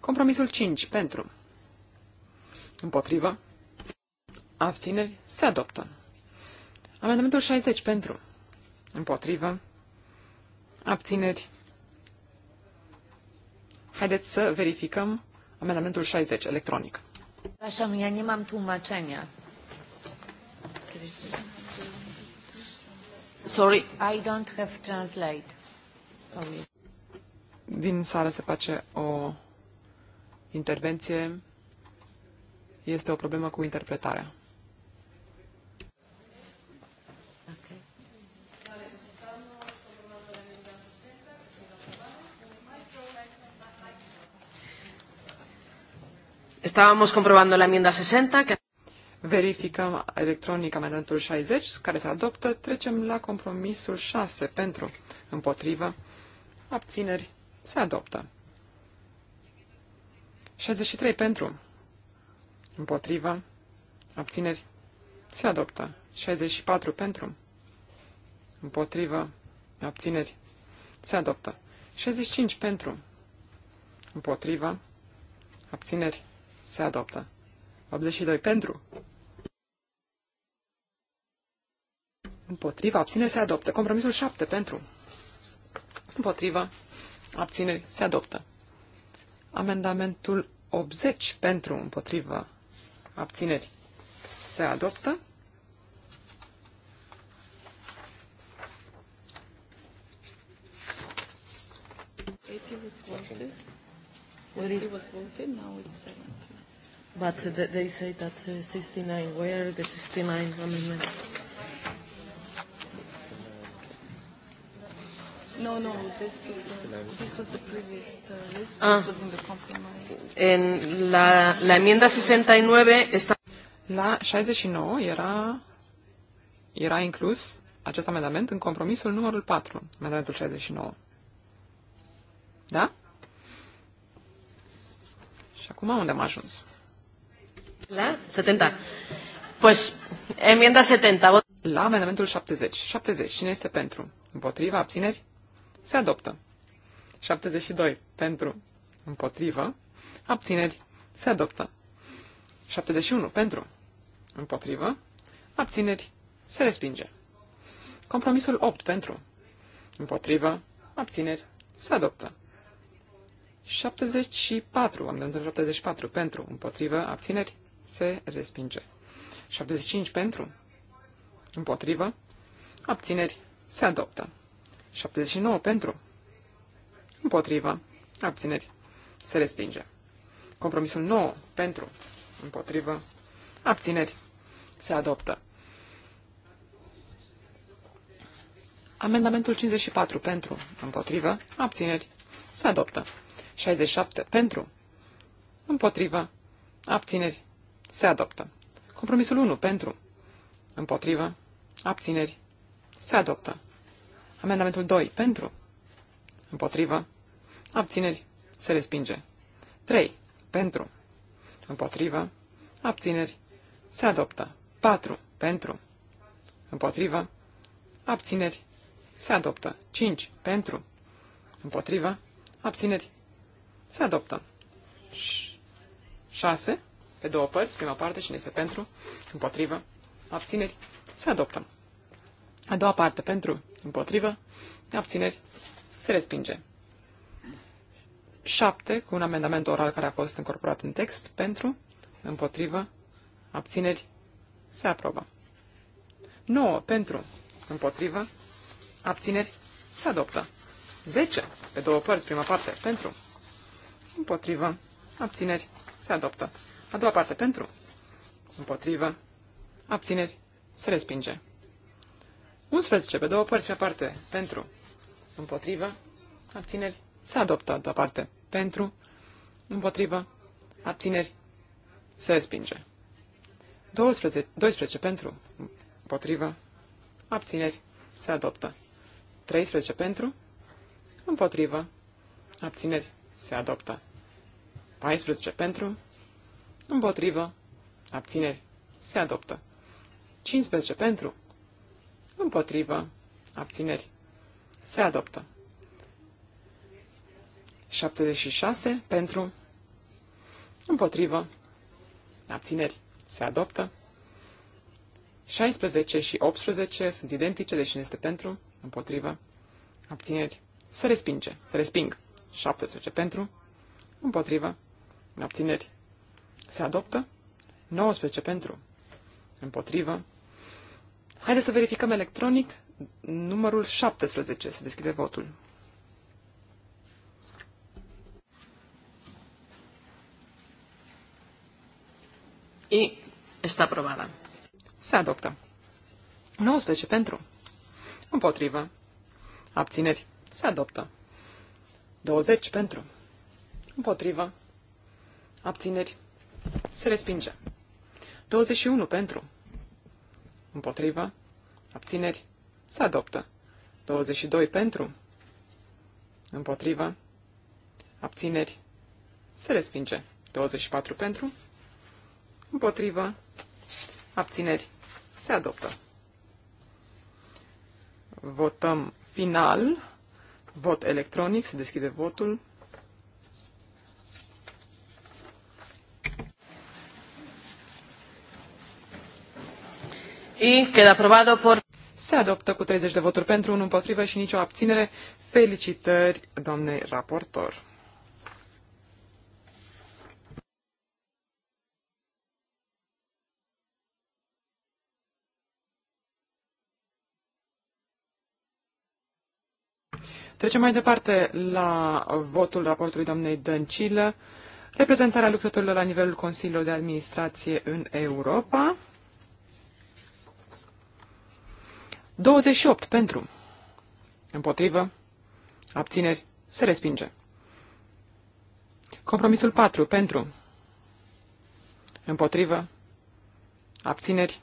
Compromisul 5 pentru. Împotriva. Abțineri. Se adoptă. Amendamentul 60 pentru. Împotriva. Abțineri. Haideți să verificăm amendamentul 60 electronic. Așa, ja nie mam tłumaczenia. Sorry. I don't have translate. Din sală se face o intervenție. Este o problemă cu interpretarea. Estábamos comprobando la enmienda 60. Que... Verificăm electronic amendamentul 60, care se adoptă. Trecem la compromisul 6 pentru împotrivă. Abțineri se adoptă. 63 pentru împotrivă. Abțineri se adoptă. 64 pentru împotrivă. Abțineri se adoptă. 65 pentru împotrivă. Abțineri se adoptă. 82 pentru Împotriva, abține, se adoptă. Compromisul 7 pentru. Împotriva, abține, se adoptă. Amendamentul 80 pentru, împotriva, abțineri, se adoptă. But they say that 69, uh, where the 69 amendment? No, no, this was, uh, this was the previous list. Uh, ah. En la, la enmienda 69 está... La 69 era, era inclus acest amendament în compromisul numărul 4, amendamentul 69. Da? Și acum unde am ajuns? La 70. Pues, enmienda 70. La amendamentul 70. 70. Cine este pentru? Împotriva? Abțineri? Se adoptă. 72 pentru, împotrivă, abțineri, se adoptă. 71 pentru, împotrivă, abțineri, se respinge. Compromisul 8 pentru, împotrivă, abțineri, se adoptă. 74, am dat 74 pentru, împotrivă, abțineri, se respinge. 75 pentru, împotrivă, abțineri, se adoptă. 79 pentru. Împotrivă. Abțineri. Se respinge. Compromisul 9 pentru. Împotrivă. Abțineri. Se adoptă. Amendamentul 54 pentru. Împotrivă. Abțineri. Se adoptă. 67 pentru. Împotrivă. Abțineri. Se adoptă. Compromisul 1 pentru. Împotrivă. Abțineri. Se adoptă. Amendamentul 2. Pentru. Împotrivă. Abțineri. Se respinge. 3. Pentru. Împotrivă. Abțineri. Se adoptă. 4. Pentru. Împotrivă. Abțineri. Se adoptă. 5. Pentru. Împotrivă. Abțineri. Se adoptă. 6. Pe două părți. Prima parte. Cine este pentru? Împotrivă. Abțineri. Se adoptă. A doua parte. Pentru. Împotrivă. Abțineri. Se respinge. 7. Cu un amendament oral care a fost incorporat în text. Pentru. Împotrivă. Abțineri. Se aprobă. 9. Pentru. Împotrivă. Abțineri. Se adoptă. 10. Pe două părți, prima parte. Pentru. Împotrivă. Abțineri. Se adoptă. A doua parte. Pentru. Împotrivă. Abțineri. Se respinge. 11 pe două părți pe parte. Pentru. Împotrivă. Abțineri. Se adoptă de parte. Pentru. Împotrivă. Abțineri. Se respinge. 12, 12 pentru. Împotrivă. Abțineri. Se adoptă. 13 pentru. Împotrivă. Abțineri. Se adoptă. 14 pentru. Împotrivă. Abțineri. Se adoptă. 15 pentru. Împotrivă. Abțineri. Se adoptă. 76 pentru. Împotrivă. Abțineri. Se adoptă. 16 și 18 sunt identice, deci este pentru. Împotrivă. Abțineri. Se respinge. Se resping. 17 pentru. Împotrivă. Abțineri. Se adoptă. 19 pentru. Împotrivă. Haideți să verificăm electronic numărul 17. Se deschide votul. I este aprobată. Se adoptă. 19 pentru. Împotrivă. Abțineri. Se adoptă. 20 pentru. Împotrivă. Abțineri. Se respinge. 21 pentru. Împotriva. Abțineri. Se adoptă. 22 pentru. Împotriva. Abțineri. Se respinge. 24 pentru. Împotriva. Abțineri. Se adoptă. Votăm final. Vot electronic. Se deschide votul. Y queda aprobado por... Se adoptă cu 30 de voturi pentru, 1 împotrivă și nicio abținere. Felicitări, domnei raportor! Trecem mai departe la votul raportului doamnei Dăncilă, reprezentarea lucrătorilor la nivelul Consiliului de Administrație în Europa. 28 pentru. Împotrivă. Abțineri. Se respinge. Compromisul 4 pentru. Împotrivă. Abțineri.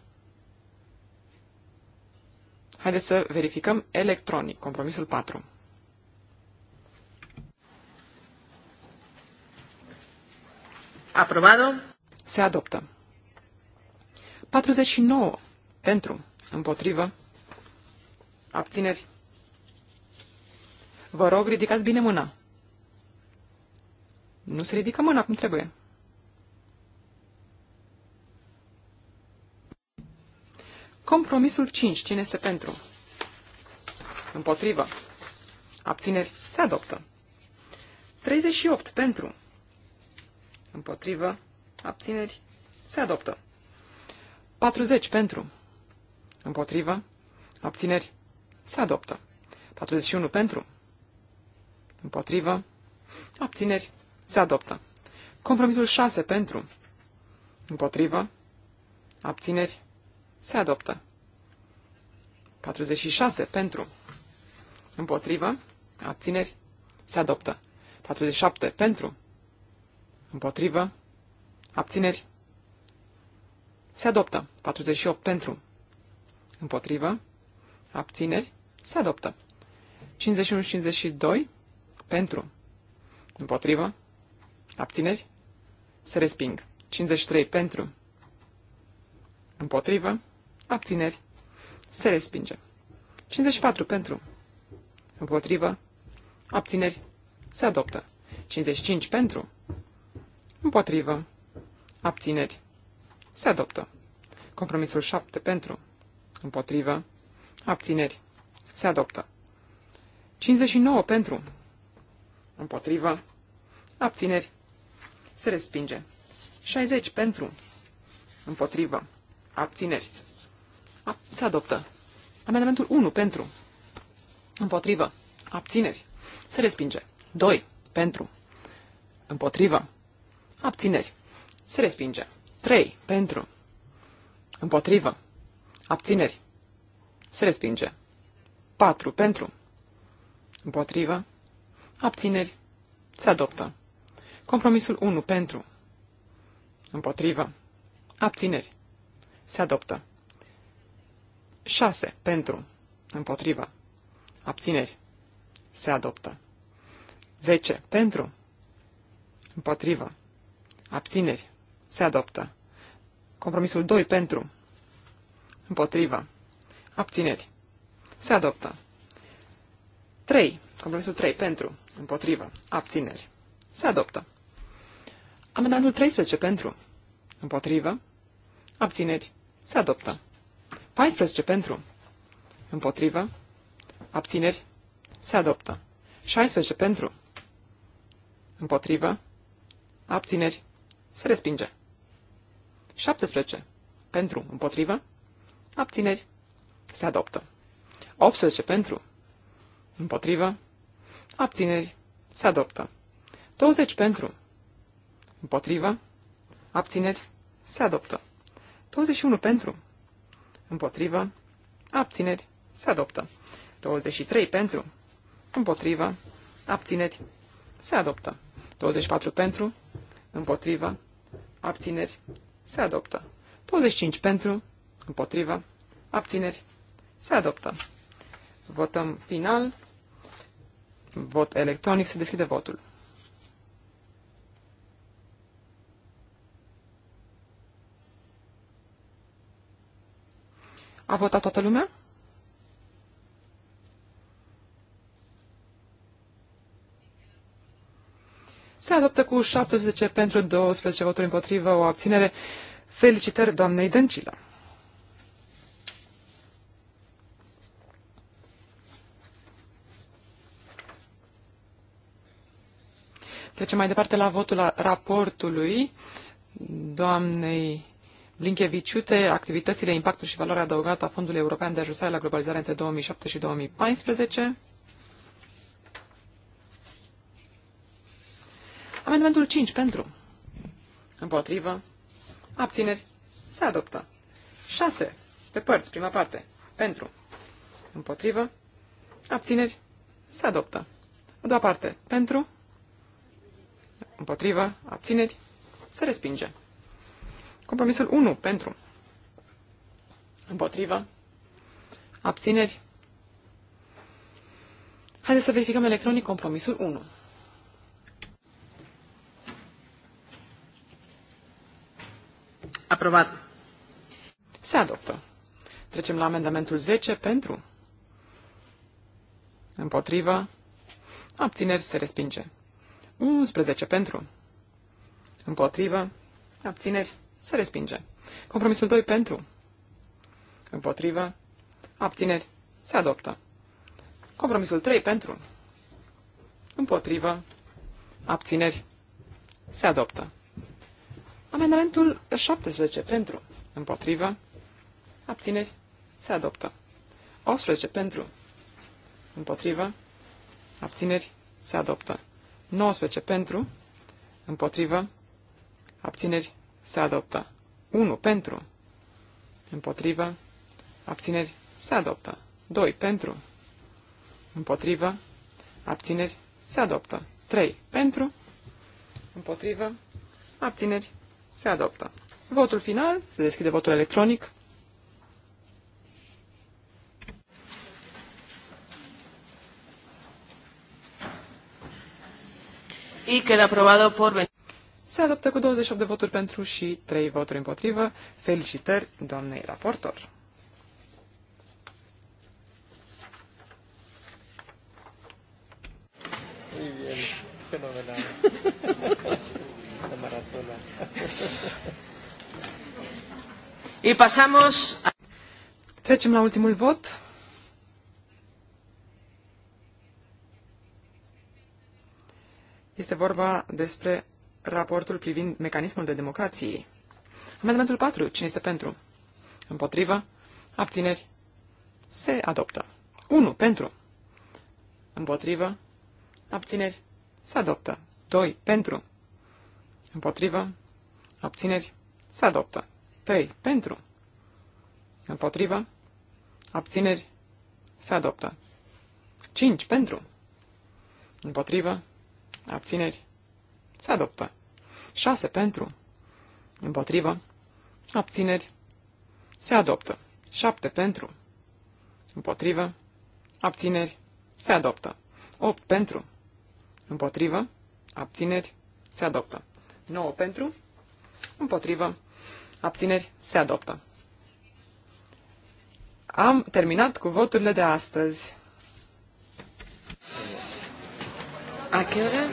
Haideți să verificăm electronic. Compromisul 4. Aprobado. Se adoptă. 49 pentru. Împotrivă. Abțineri. Vă rog, ridicați bine mâna. Nu se ridică mâna cum trebuie. Compromisul 5. Cine este pentru? Împotrivă. Abțineri. Se adoptă. 38. Pentru. Împotrivă. Abțineri. Se adoptă. 40. Pentru. Împotrivă. Abțineri. Se adoptă. 41 pentru. Împotrivă. Abțineri. Se adoptă. Compromisul 6 pentru. Împotrivă. Abțineri. Se adoptă. 46 pentru. Împotrivă. Abțineri. Se adoptă. 47 pentru. Împotrivă. Abțineri. Se adoptă. 48 pentru. Împotrivă. Abțineri. Se adoptă. 51-52 pentru. Împotrivă. Abțineri. Se resping. 53 pentru. Împotrivă. Abțineri. Se respinge. 54 pentru. Împotrivă. Abțineri. Se adoptă. 55 pentru. Împotrivă. Abțineri. Se adoptă. Compromisul 7 pentru. Împotrivă. Abțineri. Se adoptă. 59 pentru. Împotrivă. Abțineri. Se respinge. 60 pentru. Împotrivă. Abțineri. A se adoptă. Amendamentul 1 pentru. Împotrivă. Abțineri. Se respinge. 2 pentru. Împotrivă. Abțineri. Se respinge. 3 pentru. Împotrivă. Abțineri. Se respinge. 4 pentru. Împotrivă. Abțineri. Se adoptă. Compromisul 1 pentru. Împotrivă. Abțineri. Se adoptă. 6 pentru. Împotrivă. Abțineri. Se adoptă. 10 pentru. Împotrivă. Abțineri. Se adoptă. Compromisul 2 pentru. Împotrivă. Abțineri. Se adoptă. 3. Compromisul 3. Pentru. Împotrivă. Abțineri. Se adoptă. Amendamentul 13. Pentru. Împotrivă. Abțineri. Se adoptă. 14. Pentru. Împotrivă. Abțineri. Se adoptă. 16. Pentru. Împotrivă. Abțineri. Se respinge. 17. Pentru. Împotrivă. Abțineri. Se adoptă. 18 pentru, împotrivă, abțineri, se adoptă. 20 pentru, împotrivă, abțineri, se adoptă. 21 pentru, împotrivă, abțineri, se adoptă. 23 pentru, împotrivă, abțineri, se adoptă. 24 pentru, împotrivă, abțineri, se adoptă. 25 pentru, împotrivă, abțineri, se adoptă. Votăm final. Vot electronic. Se deschide votul. A votat toată lumea? Se adoptă cu 17 pentru 12 voturi împotrivă o abținere. Felicitări doamnei Dăncilă! Trecem mai departe la votul raportului doamnei Blinkeviciute, activitățile, impactul și valoarea adăugată a Fondului European de Ajustare la Globalizare între 2007 și 2014. Amendamentul 5 pentru. Împotrivă. Abțineri. Se adoptă. 6. Pe părți, prima parte. Pentru. Împotrivă. Abțineri. Se adoptă. A doua parte. Pentru. Împotrivă. Abțineri. Se respinge. Compromisul 1. Pentru. Împotrivă. Abțineri. Haideți să verificăm electronic compromisul 1. Aprobat. Se adoptă. Trecem la amendamentul 10 pentru. Împotrivă. Abțineri se respinge. 11 pentru, împotrivă, abțineri, se respinge. Compromisul 2 pentru, împotrivă, abțineri, se adoptă. Compromisul 3 pentru, împotrivă, abțineri, se adoptă. Amendamentul 17 pentru, împotrivă, abțineri, se adoptă. 18 pentru, împotrivă, abțineri, se adoptă. 19 pentru, împotrivă, abțineri, se adoptă. 1 pentru, împotrivă, abțineri, se adoptă. 2 pentru, împotrivă, abțineri, se adoptă. 3 pentru, împotrivă, abțineri, se adoptă. Votul final, se deschide votul electronic. y queda aprobado por... Se adoptă cu 28 de voturi pentru și 3 voturi împotrivă. Felicitări doamnei raportor! bien, fenomenal. La maratona. Y pasamos Trecem la ultimul vot. Este vorba despre raportul privind mecanismul de democrație. Amendamentul 4. Cine este pentru? Împotrivă? Abțineri? Se adoptă. 1. Pentru. Împotrivă? Abțineri? Se adoptă. 2. Pentru. Împotrivă? Abțineri? Se adoptă. 3. Pentru. Împotrivă? Abțineri? Se adoptă. 5. Pentru. Împotrivă? Abțineri. Se adoptă. 6 pentru. Împotrivă. Abțineri. Se adoptă. 7 pentru. Împotrivă. Abțineri. Se adoptă. 8 pentru. Împotrivă. Abțineri. Se adoptă. 9 pentru. Împotrivă. Abțineri. Se adoptă. Am terminat cu voturile de astăzi. ¿A qué hora?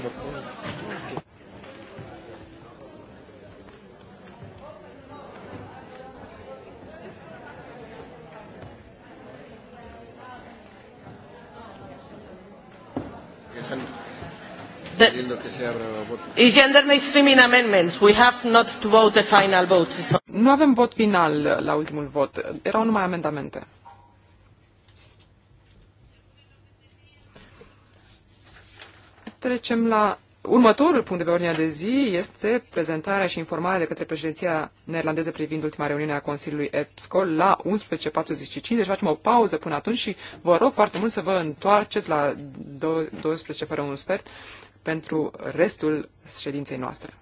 Nu avem vot final la ultimul vot. Erau numai amendamente. Trecem la următorul punct de pe ordinea de zi este prezentarea și informarea de către președinția neerlandeză privind ultima reuniune a Consiliului EPSCO la 11.45. Deci facem o pauză până atunci și vă rog foarte mult să vă întoarceți la 12 fără un sfert pentru restul ședinței noastre.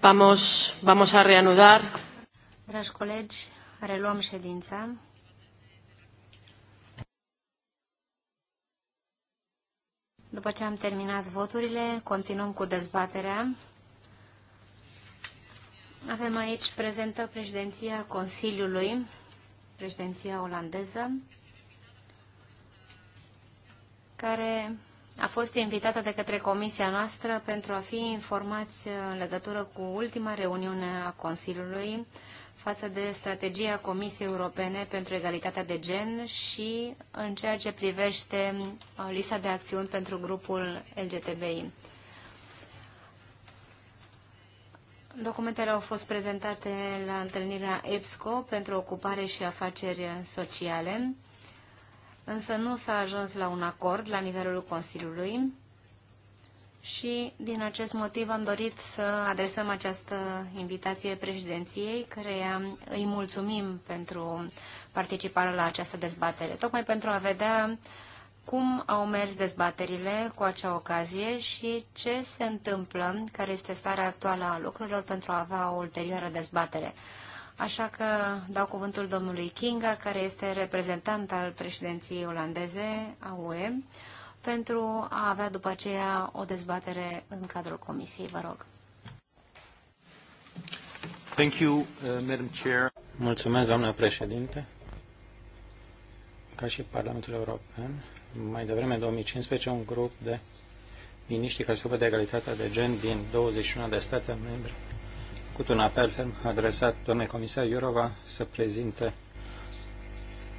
Vamos, vamos a reanudar. Dragi colegi, reluăm ședința. După ce am terminat voturile, continuăm cu dezbaterea. Avem aici prezentă președinția Consiliului, președinția olandeză, care a fost invitată de către comisia noastră pentru a fi informați în legătură cu ultima reuniune a Consiliului față de strategia Comisiei Europene pentru Egalitatea de Gen și în ceea ce privește uh, lista de acțiuni pentru grupul LGTBI. Documentele au fost prezentate la întâlnirea EBSCO pentru ocupare și afaceri sociale însă nu s-a ajuns la un acord la nivelul Consiliului și din acest motiv am dorit să adresăm această invitație președinției, care îi mulțumim pentru participarea la această dezbatere, tocmai pentru a vedea cum au mers dezbaterile cu acea ocazie și ce se întâmplă, care este starea actuală a lucrurilor pentru a avea o ulterioară dezbatere. Așa că dau cuvântul domnului Kinga, care este reprezentant al președinției olandeze a UE, pentru a avea după aceea o dezbatere în cadrul comisiei. Vă rog. Thank you, uh, Madam Chair. Mulțumesc, doamnă președinte. Ca și Parlamentul European, mai devreme, în 2015, un grup de miniștri care se ocupă de egalitatea de gen din 21 de state membre făcut un apel ferm adresat domnului comisar Iurova să prezinte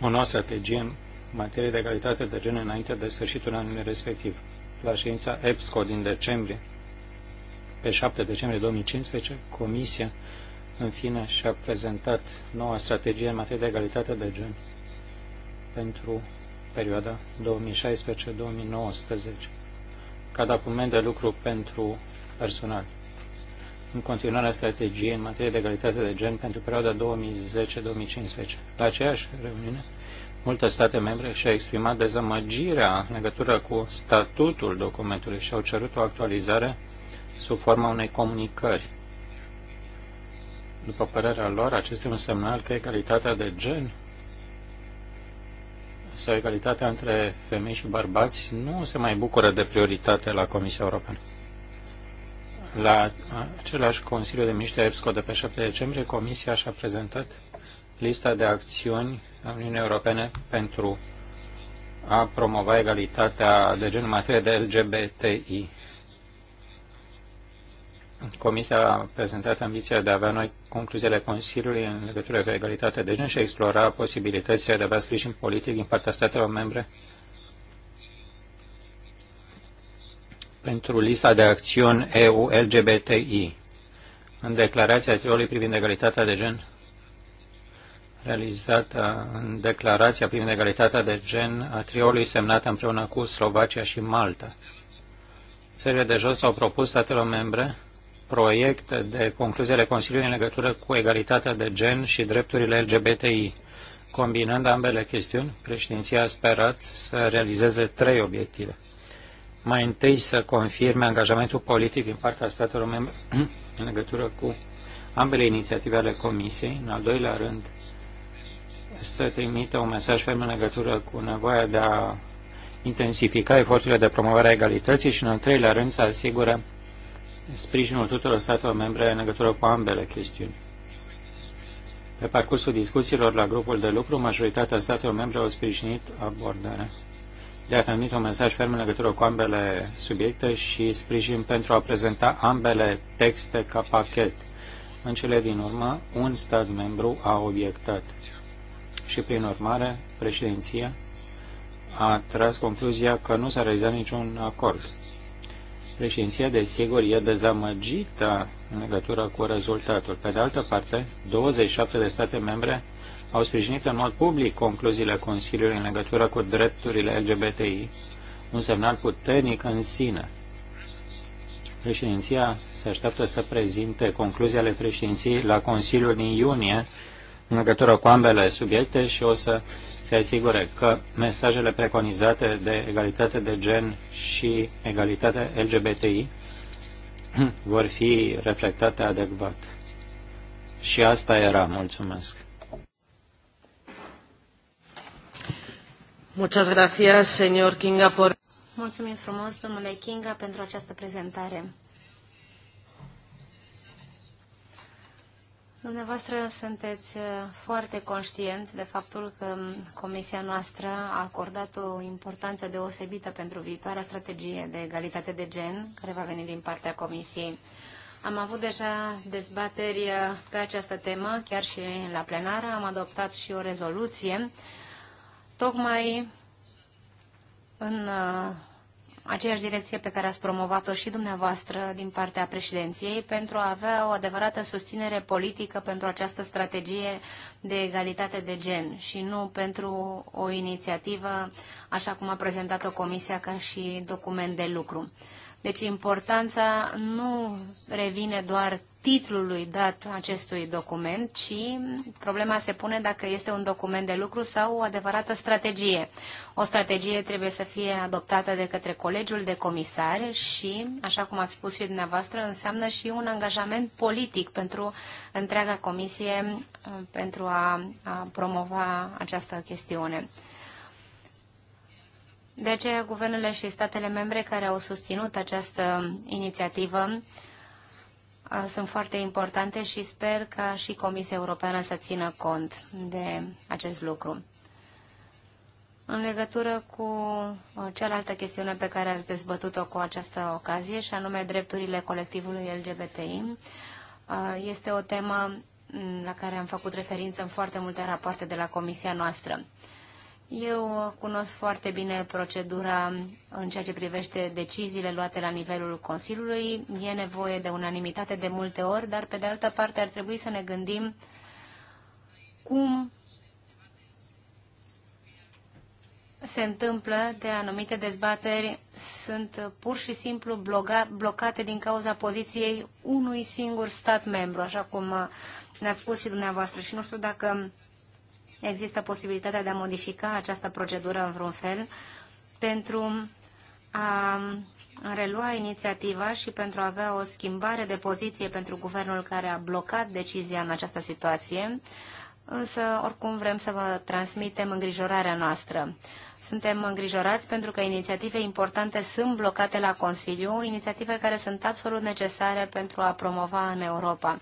o nouă strategie în materie de calitate de gen înainte de sfârșitul anului respectiv. La ședința EPSCO din decembrie, pe 7 decembrie 2015, Comisia în fine și-a prezentat noua strategie în materie de egalitate de gen pentru perioada 2016-2019 ca document de lucru pentru personal în continuare strategie în materie de egalitate de gen pentru perioada 2010-2015. La aceeași reuniune, multe state membre și-au exprimat dezamăgirea în legătură cu statutul documentului și au cerut o actualizare sub forma unei comunicări. După părerea lor, acest este un semnal că egalitatea de gen sau egalitatea între femei și bărbați nu se mai bucură de prioritate la Comisia Europeană. La același Consiliu de Miniștri EPSCO de pe 7 decembrie, Comisia și-a prezentat lista de acțiuni a Uniunii Europene pentru a promova egalitatea de gen în materie de LGBTI. Comisia a prezentat ambiția de a avea noi concluziile Consiliului în legătură cu egalitatea de gen și a explora posibilitățile de a avea sprijin politic din partea statelor membre pentru lista de acțiuni EU-LGBTI. În declarația triului privind egalitatea de gen, realizată în declarația privind egalitatea de gen a triului semnată împreună cu Slovacia și Malta. Țările de jos au propus statelor membre proiect de concluziile Consiliului în legătură cu egalitatea de gen și drepturile LGBTI. Combinând ambele chestiuni, președinția a sperat să realizeze trei obiective mai întâi să confirme angajamentul politic din partea statelor membre în legătură cu ambele inițiative ale Comisiei, în al doilea rând să trimită un mesaj ferm în legătură cu nevoia de a intensifica eforturile de promovare a egalității și, în al treilea rând, să asigure sprijinul tuturor statelor membre în legătură cu ambele chestiuni. Pe parcursul discuțiilor la grupul de lucru, majoritatea statelor membre au sprijinit abordarea de a transmite un mesaj ferm în legătură cu ambele subiecte și sprijin pentru a prezenta ambele texte ca pachet. În cele din urmă, un stat membru a obiectat și, prin urmare, președinția a tras concluzia că nu s-a realizat niciun acord. Președinția, desigur, e dezamăgită în legătură cu rezultatul. Pe de altă parte, 27 de state membre au sprijinit în mod public concluziile Consiliului în legătură cu drepturile LGBTI, un semnal puternic în sine. Președinția se așteaptă să prezinte concluziile ale președinției la Consiliul din iunie în legătură cu ambele subiecte și o să se asigure că mesajele preconizate de egalitate de gen și egalitate LGBTI vor fi reflectate adecvat. Și asta era. Mulțumesc. Mulțumim frumos, domnule Kinga, pentru această prezentare. Dumneavoastră sunteți uh, foarte conștienți de faptul că um, comisia noastră a acordat o importanță deosebită pentru viitoarea strategie de egalitate de gen, care va veni din partea comisiei. Am avut deja dezbateri uh, pe această temă, chiar și la plenară. Am adoptat și o rezoluție tocmai în uh, aceeași direcție pe care ați promovat-o și dumneavoastră din partea președinției pentru a avea o adevărată susținere politică pentru această strategie de egalitate de gen și nu pentru o inițiativă așa cum a prezentat-o Comisia ca și document de lucru. Deci importanța nu revine doar titlului dat acestui document, ci problema se pune dacă este un document de lucru sau o adevărată strategie. O strategie trebuie să fie adoptată de către colegiul de comisari și, așa cum ați spus și dumneavoastră, înseamnă și un angajament politic pentru întreaga comisie uh, pentru a, a promova această chestiune. De aceea, guvernele și statele membre care au susținut această inițiativă sunt foarte importante și sper ca și Comisia Europeană să țină cont de acest lucru. În legătură cu cealaltă chestiune pe care ați dezbătut-o cu această ocazie, și anume drepturile colectivului LGBTI, este o temă la care am făcut referință în foarte multe rapoarte de la Comisia noastră. Eu cunosc foarte bine procedura în ceea ce privește deciziile luate la nivelul Consiliului. E nevoie de unanimitate de multe ori, dar pe de altă parte ar trebui să ne gândim cum se întâmplă de anumite dezbateri sunt pur și simplu bloga, blocate din cauza poziției unui singur stat membru, așa cum ne-ați spus și dumneavoastră. Și nu știu dacă există posibilitatea de a modifica această procedură în vreun fel pentru a relua inițiativa și pentru a avea o schimbare de poziție pentru guvernul care a blocat decizia în această situație, însă oricum vrem să vă transmitem îngrijorarea noastră. Suntem îngrijorați pentru că inițiative importante sunt blocate la Consiliu, inițiative care sunt absolut necesare pentru a promova în Europa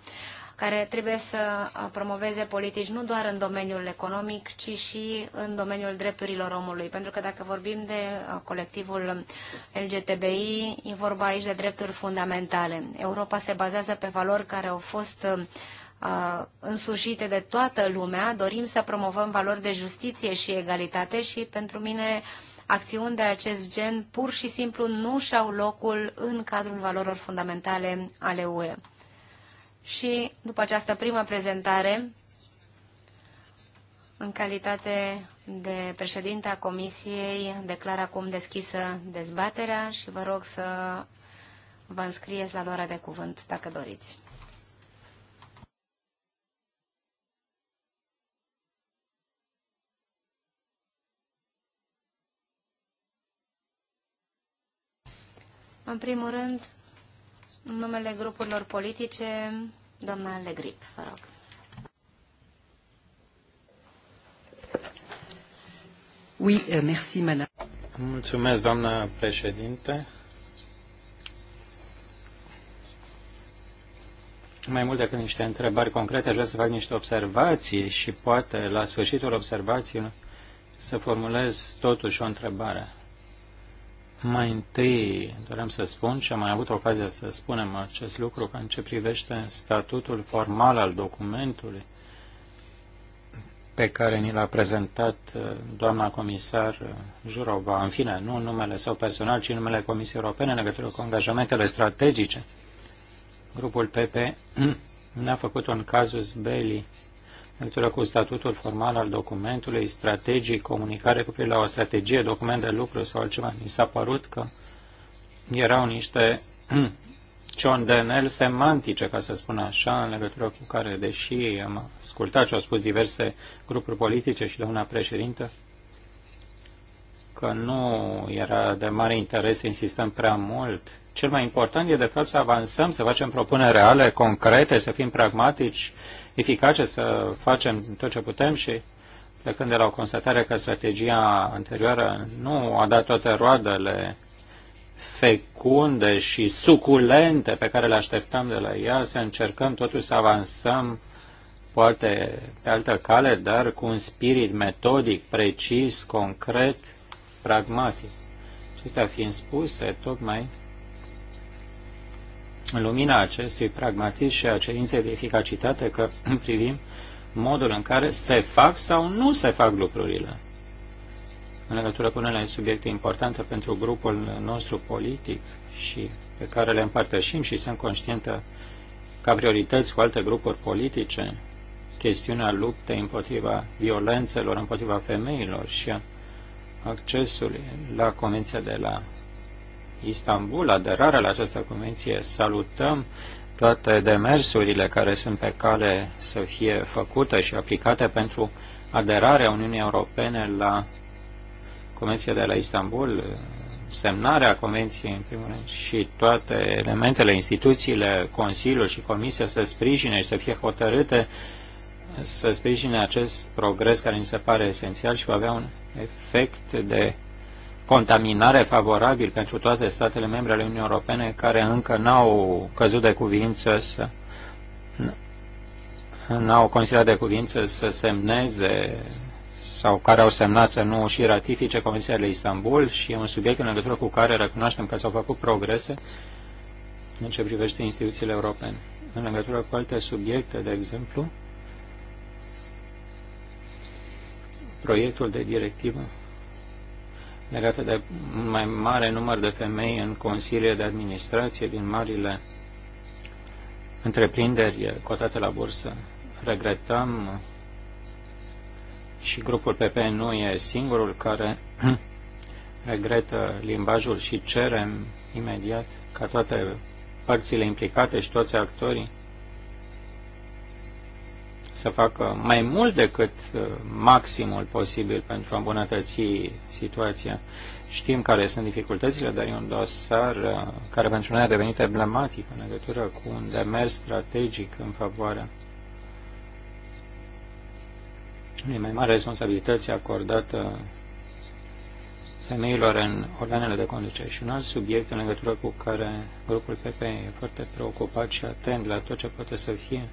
care trebuie să uh, promoveze politici nu doar în domeniul economic, ci și în domeniul drepturilor omului. Pentru că dacă vorbim de uh, colectivul LGTBI, e vorba aici de drepturi fundamentale. Europa se bazează pe valori care au fost uh, însușite de toată lumea, dorim să promovăm valori de justiție și egalitate și pentru mine acțiuni de acest gen pur și simplu nu și-au locul în cadrul valorilor fundamentale ale UE și după această primă prezentare, în calitate de președinte a Comisiei, declar acum deschisă dezbaterea și vă rog să vă înscrieți la doarea de cuvânt, dacă doriți. În primul rând, în numele grupurilor politice, doamna Legrip, vă rog. Oui, euh, merci, madame. Mulțumesc, doamna președinte. Mai mult decât niște întrebări concrete, aș vrea să fac niște observații și poate la sfârșitul observațiilor să formulez totuși o întrebare. Mai întâi doream să spun și am mai avut ocazia să spunem acest lucru că în ce privește statutul formal al documentului pe care ni l-a prezentat uh, doamna comisar uh, Jurova, în fine, nu numele sau personal, ci numele Comisiei Europene în legătură cu angajamentele strategice. Grupul PP ne-a făcut un cazus belli în legătură cu statutul formal al documentului, strategii, comunicare cu privire la o strategie, document de lucru sau altceva. Mi s-a părut că erau niște ciondenel semantice, ca să spun așa, în legătură cu care, deși am ascultat ce au spus diverse grupuri politice și doamna președintă, că nu era de mare interes să insistăm prea mult. Cel mai important e, de fapt, să avansăm, să facem propuneri reale, concrete, să fim pragmatici eficace, să facem tot ce putem și plecând de la o constatare că strategia anterioară nu a dat toate roadele fecunde și suculente pe care le așteptăm de la ea, să încercăm totuși să avansăm poate pe altă cale, dar cu un spirit metodic, precis, concret, pragmatic. Acestea fiind spuse, tocmai în lumina acestui pragmatism și a cerinței de eficacitate că privim modul în care se fac sau nu se fac lucrurile. În legătură cu unele subiecte importante pentru grupul nostru politic și pe care le împărtășim și sunt conștientă ca priorități cu alte grupuri politice, chestiunea luptei împotriva violențelor, împotriva femeilor și a accesului la Convenția de la Istanbul, aderarea la această convenție. Salutăm toate demersurile care sunt pe cale să fie făcute și aplicate pentru aderarea Uniunii Europene la Convenția de la Istanbul, semnarea Convenției, în primul rând, și toate elementele, instituțiile, Consiliul și Comisia să sprijine și să fie hotărâte să sprijine acest progres care mi se pare esențial și va avea un efect de contaminare favorabil pentru toate statele membre ale Uniunii Europene care încă n-au căzut de cuvință să n-au considerat de cuvință să semneze sau care au semnat să nu și ratifice Convenția de Istanbul și e un subiect în legătură cu care recunoaștem că s-au făcut progrese în ce privește instituțiile europene. În legătură cu alte subiecte, de exemplu, proiectul de directivă legată de un mai mare număr de femei în consiliile de administrație din marile întreprinderi cotate la bursă. Regretăm și grupul PP nu e singurul care regretă limbajul și cerem imediat ca toate părțile implicate și toți actorii să facă mai mult decât uh, maximul posibil pentru a îmbunătăți situația. Știm care sunt dificultățile, dar e un dosar uh, care pentru noi a devenit emblematic în legătură cu un demers strategic în favoarea unei mai mari responsabilități acordată femeilor în organele de conducere. Și un alt subiect în legătură cu care grupul PP e foarte preocupat și atent la tot ce poate să fie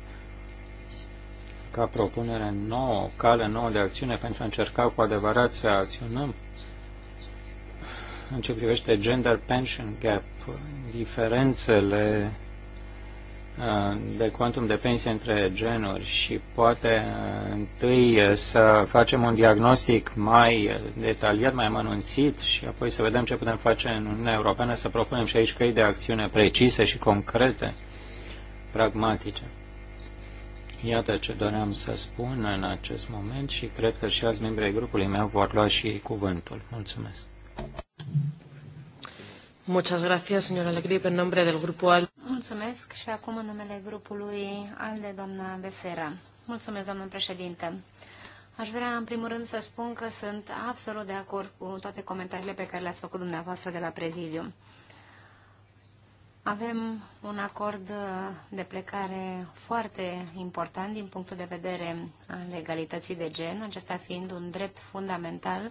ca propunere nouă, o cale nouă de acțiune pentru a încerca cu adevărat să acționăm în ce privește gender pension gap, diferențele uh, de quantum de pensie între genuri și poate uh, întâi uh, să facem un diagnostic mai detaliat, mai amănunțit și apoi să vedem ce putem face în Uniunea Europeană, să propunem și aici căi de acțiune precise și concrete, pragmatice. Iată ce doream să spun în acest moment și cred că și alți membri ai grupului meu vor lua și ei cuvântul. Mulțumesc. Muchas gracias, señora Alegría, en nombre del grupo ALDE. Mulțumesc și acum în numele grupului ALDE, doamna Becerra. Mulțumesc, doamnă președinte. Aș vrea, în primul rând, să spun că sunt absolut de acord cu toate comentariile pe care le-ați făcut dumneavoastră de la prezidiu. Avem un acord de plecare foarte important din punctul de vedere al egalității de gen, acesta fiind un drept fundamental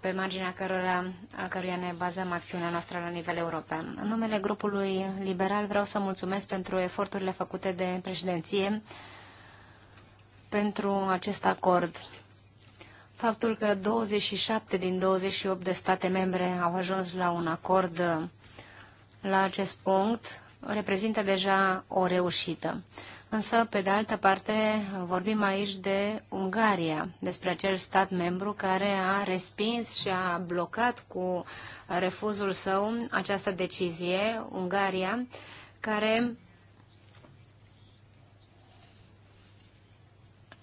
pe marginea cărora, a căruia ne bazăm acțiunea noastră la nivel european. În numele grupului liberal vreau să mulțumesc pentru eforturile făcute de președinție pentru acest acord. Faptul că 27 din 28 de state membre au ajuns la un acord la acest punct reprezintă deja o reușită. Însă, pe de altă parte, vorbim aici de Ungaria, despre acel stat membru care a respins și a blocat cu refuzul său această decizie, Ungaria, care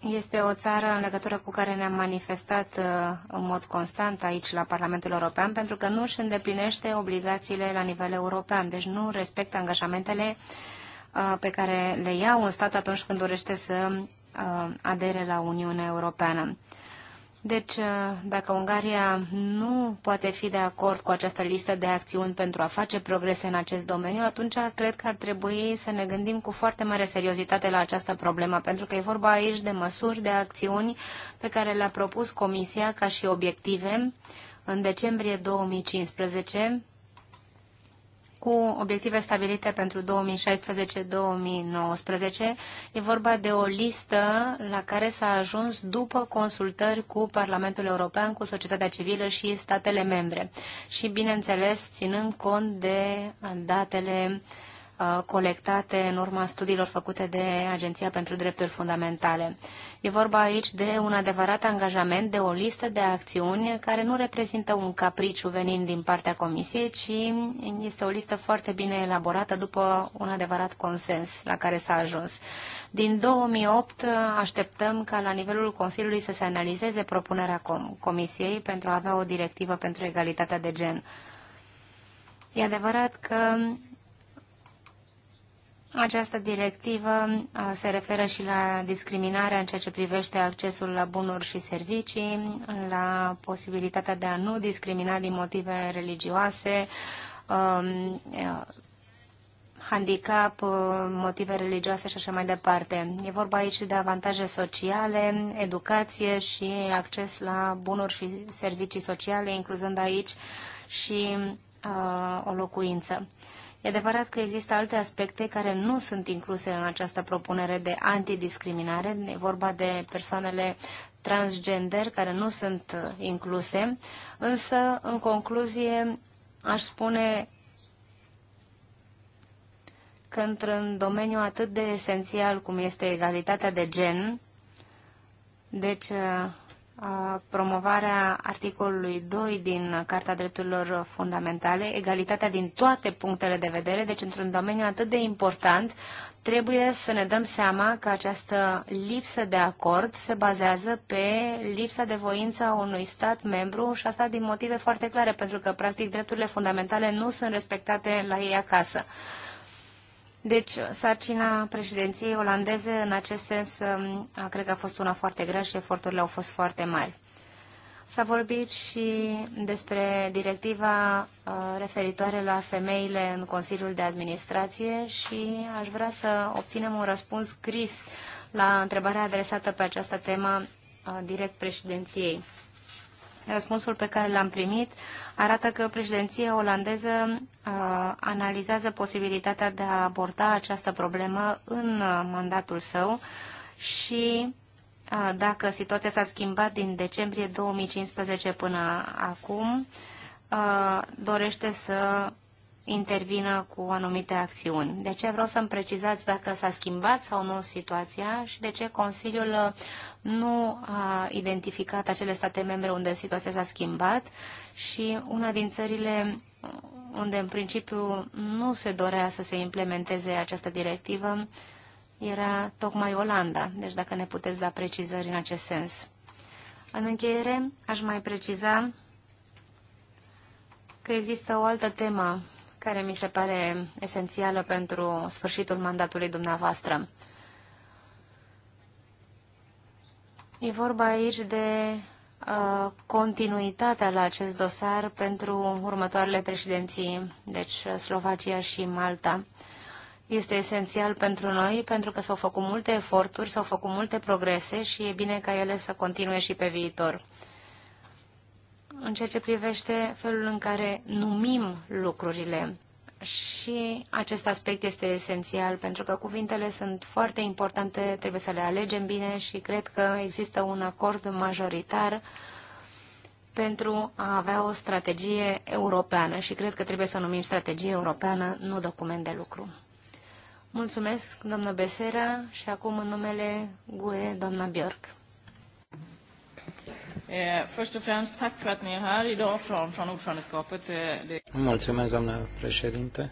Este o țară în legătură cu care ne-am manifestat uh, în mod constant aici la Parlamentul European pentru că nu își îndeplinește obligațiile la nivel european, deci nu respectă angajamentele uh, pe care le ia un stat atunci când dorește să uh, adere la Uniunea Europeană. Deci, uh, dacă Ungaria nu poate fi de acord cu această listă de acțiuni pentru a face progrese în acest domeniu, atunci cred că ar trebui să ne gândim cu foarte mare seriozitate la această problemă, pentru că e vorba aici de măsuri, de acțiuni pe care le-a propus Comisia ca și obiective în decembrie 2015 cu obiective stabilite pentru 2016-2019. E vorba de o listă la care s-a ajuns după consultări cu Parlamentul European, cu societatea civilă și statele membre. Și, bineînțeles, ținând cont de datele uh, colectate în urma studiilor făcute de Agenția pentru Drepturi Fundamentale. E vorba aici de un adevărat angajament, de o listă de acțiuni care nu reprezintă un capriciu venind din partea Comisiei, ci este o listă foarte bine elaborată după un adevărat consens la care s-a ajuns. Din 2008 așteptăm ca la nivelul Consiliului să se analizeze propunerea Comisiei pentru a avea o directivă pentru egalitatea de gen. E adevărat că această directivă uh, se referă și la discriminarea în ceea ce privește accesul la bunuri și servicii, la posibilitatea de a nu discrimina din motive religioase, um, uh, handicap, uh, motive religioase și așa mai departe. E vorba aici de avantaje sociale, educație și acces la bunuri și servicii sociale, incluzând aici și uh, o locuință. E adevărat că există alte aspecte care nu sunt incluse în această propunere de antidiscriminare. E vorba de persoanele transgender care nu sunt uh, incluse, însă, în concluzie, aș spune că într-un domeniu atât de esențial cum este egalitatea de gen, deci uh, promovarea articolului 2 din Carta Drepturilor Fundamentale, egalitatea din toate punctele de vedere, deci într-un domeniu atât de important, trebuie să ne dăm seama că această lipsă de acord se bazează pe lipsa de voință a unui stat membru și asta din motive foarte clare, pentru că, practic, drepturile fundamentale nu sunt respectate la ei acasă. Deci, sarcina președinției olandeze, în acest sens, um, cred că a fost una foarte grea și eforturile au fost foarte mari. S-a vorbit și despre directiva uh, referitoare la femeile în Consiliul de Administrație și aș vrea să obținem un răspuns scris la întrebarea adresată pe această temă uh, direct președinției. Răspunsul pe care l-am primit arată că președinția olandeză uh, analizează posibilitatea de a aborda această problemă în uh, mandatul său și uh, dacă situația s-a schimbat din decembrie 2015 până acum, uh, dorește să intervină cu anumite acțiuni. De ce vreau să-mi precizați dacă s-a schimbat sau nu situația și de ce Consiliul uh, nu a identificat acele state membre unde situația s-a schimbat și una din țările uh, unde în principiu nu se dorea să se implementeze această directivă era tocmai Olanda. Deci dacă ne puteți da precizări în acest sens. În încheiere, aș mai preciza că există o altă temă care mi se pare esențială pentru sfârșitul mandatului dumneavoastră. E vorba aici de uh, continuitatea la acest dosar pentru următoarele președinții, deci uh, Slovacia și Malta. Este esențial pentru noi pentru că s-au făcut multe eforturi, s-au făcut multe progrese și e bine ca ele să continue și pe viitor în ceea ce privește felul în care numim lucrurile. Și acest aspect este esențial, pentru că cuvintele sunt foarte importante, trebuie să le alegem bine și cred că există un acord majoritar pentru a avea o strategie europeană și cred că trebuie să o numim strategie europeană, nu document de lucru. Mulțumesc, doamnă Besera, și acum în numele GUE, doamna Björk. Eh, först och främst tack för att ni är här idag från, från ordförandeskapet. Eh, mulțumesc, doamnă președinte.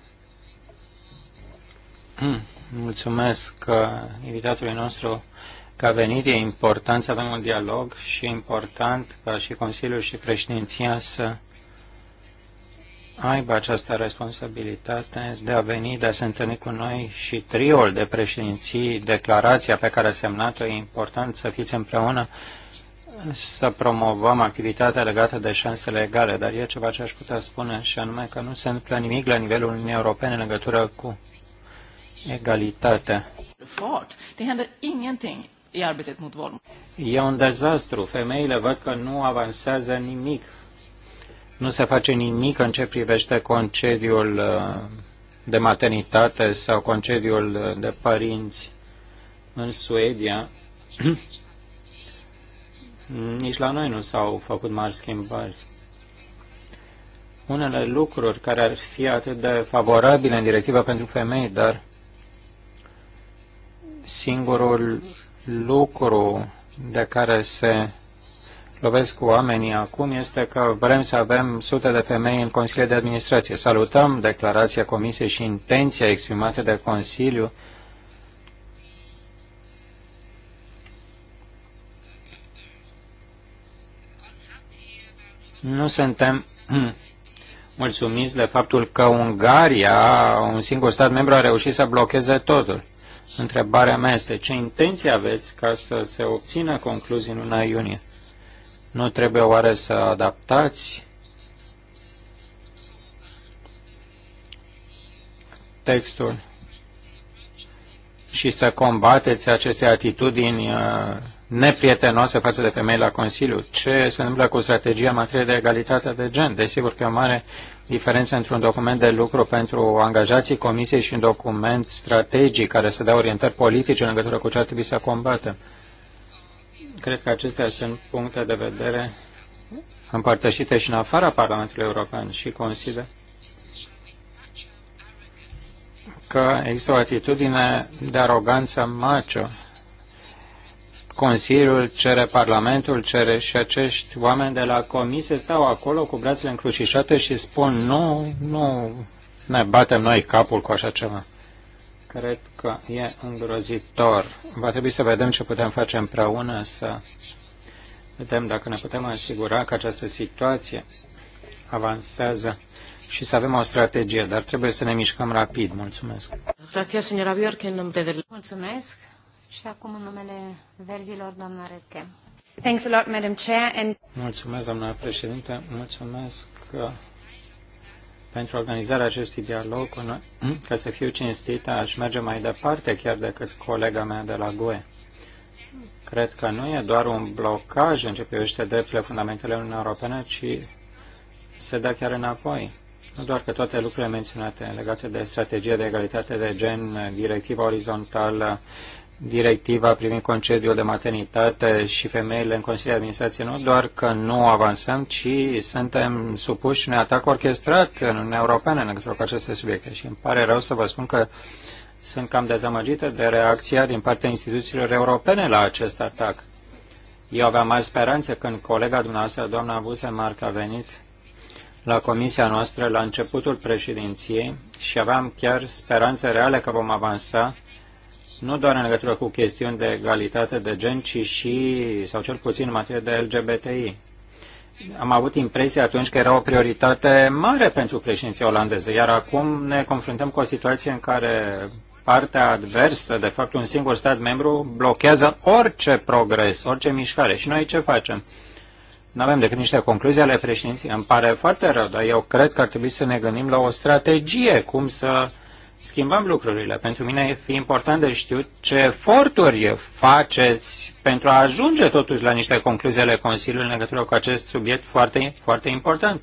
Hmm, mulțumesc uh, invitatului nostru că a venit. E important să avem un dialog și e important ca și Consiliul și președinția să aibă această responsabilitate de a veni, de a se întâlni cu noi și triul de președinții, declarația pe care a semnat-o, e important să fiți împreună să promovăm activitatea legată de șansele egale, dar e ceva ce aș putea spune și anume că nu se întâmplă nimic la nivelul Uniunii Europene în legătură cu egalitatea. E un dezastru. Femeile văd că nu avansează nimic. Nu se face nimic în ce privește concediul uh, de maternitate sau concediul uh, de părinți în Suedia. Nici la noi nu s-au făcut mari schimbări. Unele lucruri care ar fi atât de favorabile în directiva pentru femei, dar singurul lucru de care se lovesc oamenii acum este că vrem să avem sute de femei în Consiliul de Administrație. Salutăm declarația Comisiei și intenția exprimată de Consiliu Nu suntem mulțumiți de faptul că Ungaria, un singur stat membru, a reușit să blocheze totul. Întrebarea mea este, ce intenție aveți ca să se obțină concluzii în luna iunie? Nu trebuie oare să adaptați textul și să combateți aceste atitudini uh, neprietenoase față de femei la Consiliu. Ce se întâmplă cu strategia în materie de egalitate de gen? Desigur că e o mare diferență între un document de lucru pentru angajații comisiei și un document strategic care să dea orientări politice în legătură cu ce ar trebui să combată. Cred că acestea sunt puncte de vedere împărtășite și în afara Parlamentului European și consider că există o atitudine de aroganță macho Consiliul cere, Parlamentul cere și acești oameni de la comisie stau acolo cu brațele încrucișate și spun nu, nu ne batem noi capul cu așa ceva. Cred că e îngrozitor. Va trebui să vedem ce putem face împreună, să vedem dacă ne putem asigura că această situație avansează și să avem o strategie, dar trebuie să ne mișcăm rapid. Mulțumesc. Mulțumesc. Și acum în numele verzilor, doamna Redke. Thanks a lot, Madam Chair. And... Mulțumesc, doamna președinte. Mulțumesc uh, pentru organizarea acestui dialog. Ca să fiu cinstită, aș merge mai departe chiar decât colega mea de la GUE. Cred că nu e doar un blocaj în ce privește drepturile fundamentale Uniunii Europene, ci se dă chiar înapoi. Nu doar că toate lucrurile menționate legate de strategia de egalitate de gen, directiva orizontală, directiva privind concediul de maternitate și femeile în Consiliul de Administrație, nu doar că nu avansăm, ci suntem supuși unui atac orchestrat în Uniunea Europeană în legătură cu aceste subiecte. Și îmi pare rău să vă spun că sunt cam dezamăgită de reacția din partea instituțiilor europene la acest atac. Eu aveam mai speranțe când colega dumneavoastră, doamna Busemarc, a venit la comisia noastră la începutul președinției și aveam chiar speranțe reale că vom avansa nu doar în legătură cu chestiuni de egalitate de gen, ci și, sau cel puțin, în materie de LGBTI. Am avut impresia atunci că era o prioritate mare pentru președinția olandeză, iar acum ne confruntăm cu o situație în care partea adversă, de fapt un singur stat membru, blochează orice progres, orice mișcare. Și noi ce facem? Nu avem decât niște concluzii ale președinției. Îmi pare foarte rău, dar eu cred că ar trebui să ne gândim la o strategie, cum să uh, schimbăm lucrurile. Pentru mine e important de știut ce eforturi faceți pentru a ajunge totuși la niște concluzii ale Consiliului în legătură cu acest subiect foarte, foarte important.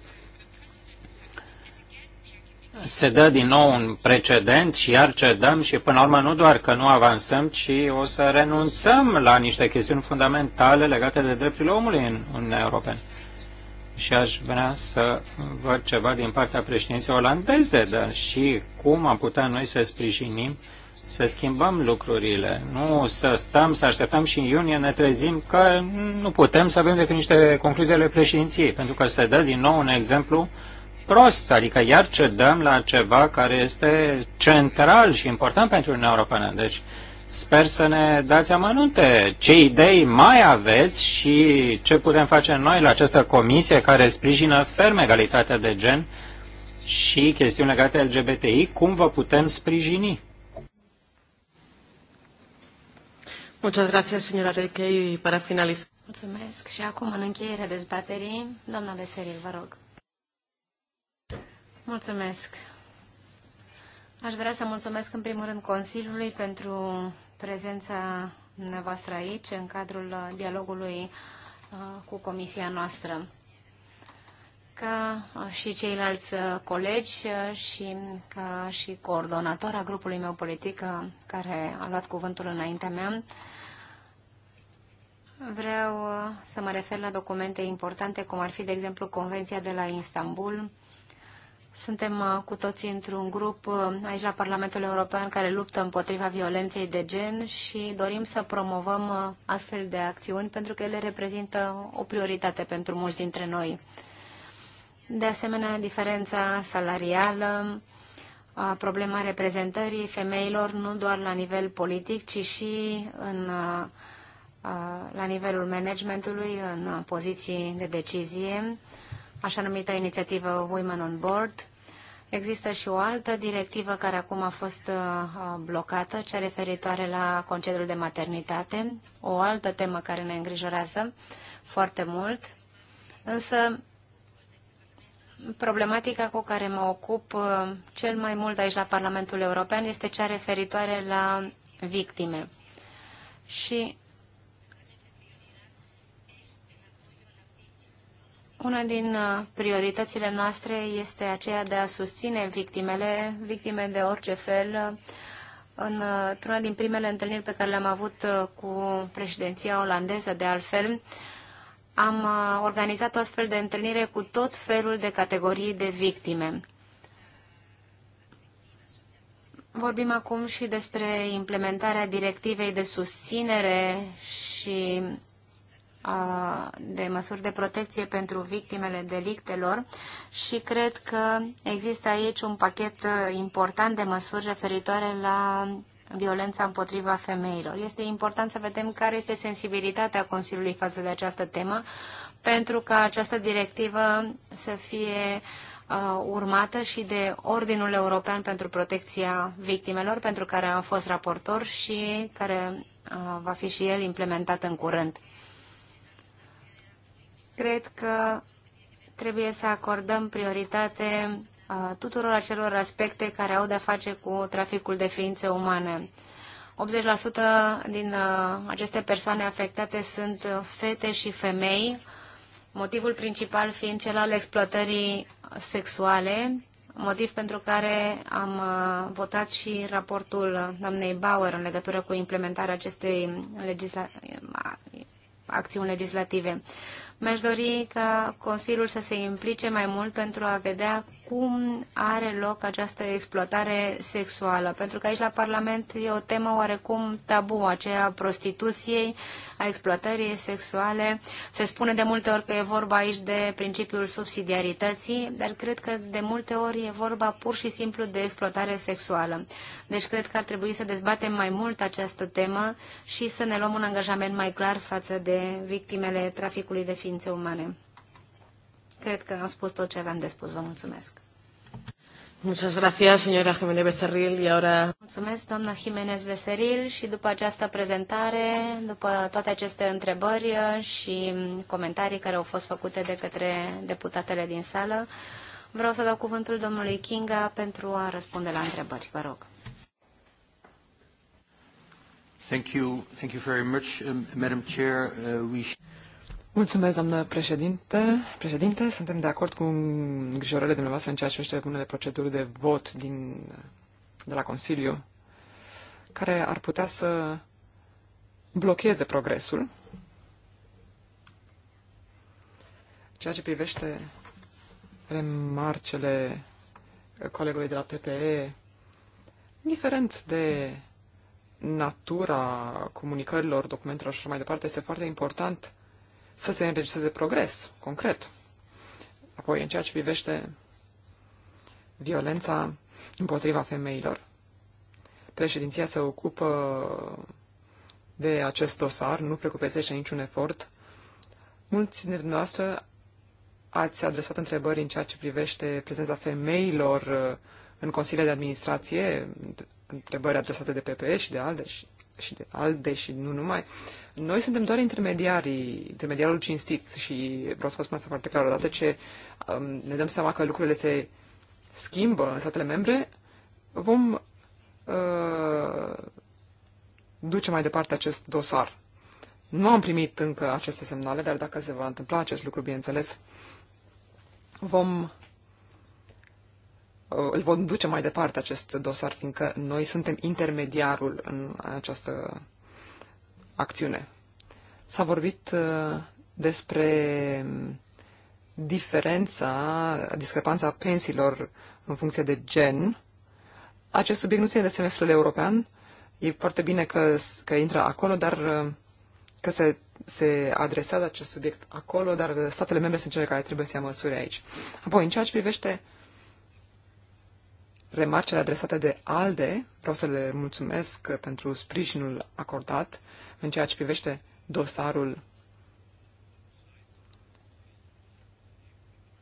Se dă din nou un precedent și iar cedăm și până la urmă nu doar că nu avansăm, ci o să renunțăm la niște chestiuni fundamentale legate de drepturile omului în Uniunea Europeană și aș vrea să văd ceva din partea președinției olandeze, dar și cum am putea noi să sprijinim, să schimbăm lucrurile. Nu să stăm, să așteptăm și în iunie ne trezim că nu putem să avem decât niște concluzii ale președinției, pentru că se dă din nou un exemplu prost, adică iar cedăm la ceva care este central și important pentru Uniunea Europeană. Deci Sper să ne dați amănunte ce idei mai aveți și ce putem face noi la această comisie care sprijină ferm egalitatea de gen și chestiuni legate LGBTI, cum vă putem sprijini? Mulțumesc. Și acum, în încheierea dezbaterii, doamna Beseril, vă rog. Mulțumesc. Aș vrea să mulțumesc în primul rând Consiliului pentru prezența dumneavoastră aici în cadrul uh, dialogului uh, cu comisia noastră. Ca uh, și ceilalți colegi și ca și coordonatora grupului meu politic care a luat cuvântul înaintea mea, vreau să mă refer la documente importante, cum ar fi, de exemplu, Convenția de la Istanbul, suntem uh, cu toții într-un grup uh, aici la Parlamentul European care luptă împotriva violenței de gen și dorim să promovăm uh, astfel de acțiuni pentru că ele reprezintă o prioritate pentru mulți dintre noi. De asemenea, diferența salarială, problema reprezentării femeilor nu doar la nivel politic, ci și în, la nivelul managementului, în poziții de decizie, așa numită inițiativă Women on Board. Există și o altă directivă care acum a fost uh, blocată, cea referitoare la concedul de maternitate, o altă temă care ne îngrijorează foarte mult. Însă, problematica cu care mă ocup uh, cel mai mult aici la Parlamentul European este cea referitoare la victime. Și Una din uh, prioritățile noastre este aceea de a susține victimele, victime de orice fel, uh, uh, într-una din primele întâlniri pe care le-am avut cu președinția olandeză, de altfel, am organizat o astfel de întâlnire cu tot felul de categorii de victime. Vorbim acum și despre implementarea directivei de susținere și de măsuri de protecție pentru victimele delictelor și cred că există aici un pachet uh, important de măsuri referitoare la violența împotriva femeilor. Este important să vedem care este sensibilitatea Consiliului față de această temă, pentru ca această directivă să fie uh, urmată și de Ordinul European pentru Protecția Victimelor, pentru care am fost raportor și care uh, va fi și el implementat în curând. Cred că trebuie să acordăm prioritate tuturor acelor aspecte care au de-a face cu traficul de ființe umane. 80% din aceste persoane afectate sunt fete și femei, motivul principal fiind cel al exploatării sexuale, motiv pentru care am votat și raportul doamnei Bauer în legătură cu implementarea acestei legisla acțiuni legislative. Mi-aș dori ca Consiliul să se implice mai mult pentru a vedea cum are loc această exploatare sexuală, pentru că aici la Parlament e o temă oarecum tabu, aceea prostituției, a exploatării sexuale. Se spune de multe ori că e vorba aici de principiul subsidiarității, dar cred că de multe ori e vorba pur și simplu de exploatare sexuală. Deci cred că ar trebui să dezbatem mai mult această temă și să ne luăm un angajament mai clar față de victimele traficului de ființe umane. Cred că am spus tot ce aveam de spus. Vă mulțumesc. Muchas gracias, señora Jiménez Becerril. Y ahora... Mulțumesc, doamna Jiménez Becerril. Și după această prezentare, după toate aceste întrebări și comentarii care au fost făcute de către deputatele din sală, vreau să dau cuvântul domnului Kinga pentru a răspunde la întrebări. Vă rog. Thank you. Thank you very much, um, Madam Chair. Uh, we Mulțumesc, doamnă președinte. Președinte, suntem de acord cu îngrijorările dumneavoastră în ceea ce privește unele proceduri de vot din, de la Consiliu, care ar putea să blocheze progresul. Ceea ce privește remarcele colegului de la PPE, indiferent de natura comunicărilor, documentelor și așa mai departe, este foarte important să se înregistreze progres, concret. Apoi, în ceea ce privește violența împotriva femeilor, președinția se ocupă de acest dosar, nu precupețește niciun efort. Mulți dintre dumneavoastră ați adresat întrebări în ceea ce privește prezența femeilor uh, în consiliile de administrație, întrebări adresate de PPE și de alte. și și de ALDE și nu numai, noi suntem doar intermediarii, intermediarul cinstit și vreau să vă spun asta foarte clar. Odată ce um, ne dăm seama că lucrurile se schimbă în statele membre, vom uh, duce mai departe acest dosar. Nu am primit încă aceste semnale, dar dacă se va întâmpla acest lucru, bineînțeles, vom îl vom duce mai departe acest dosar, fiindcă noi suntem intermediarul în această acțiune. S-a vorbit uh, despre diferența, discrepanța pensiilor în funcție de gen. Acest subiect nu ține de semestrul european. E foarte bine că, că intră acolo, dar uh, că se, se adresează acest subiect acolo, dar statele membre sunt cele care trebuie să ia măsuri aici. Apoi, în ceea ce privește uh, remarcele adresate de ALDE. Vreau să le mulțumesc pentru sprijinul acordat în ceea ce privește dosarul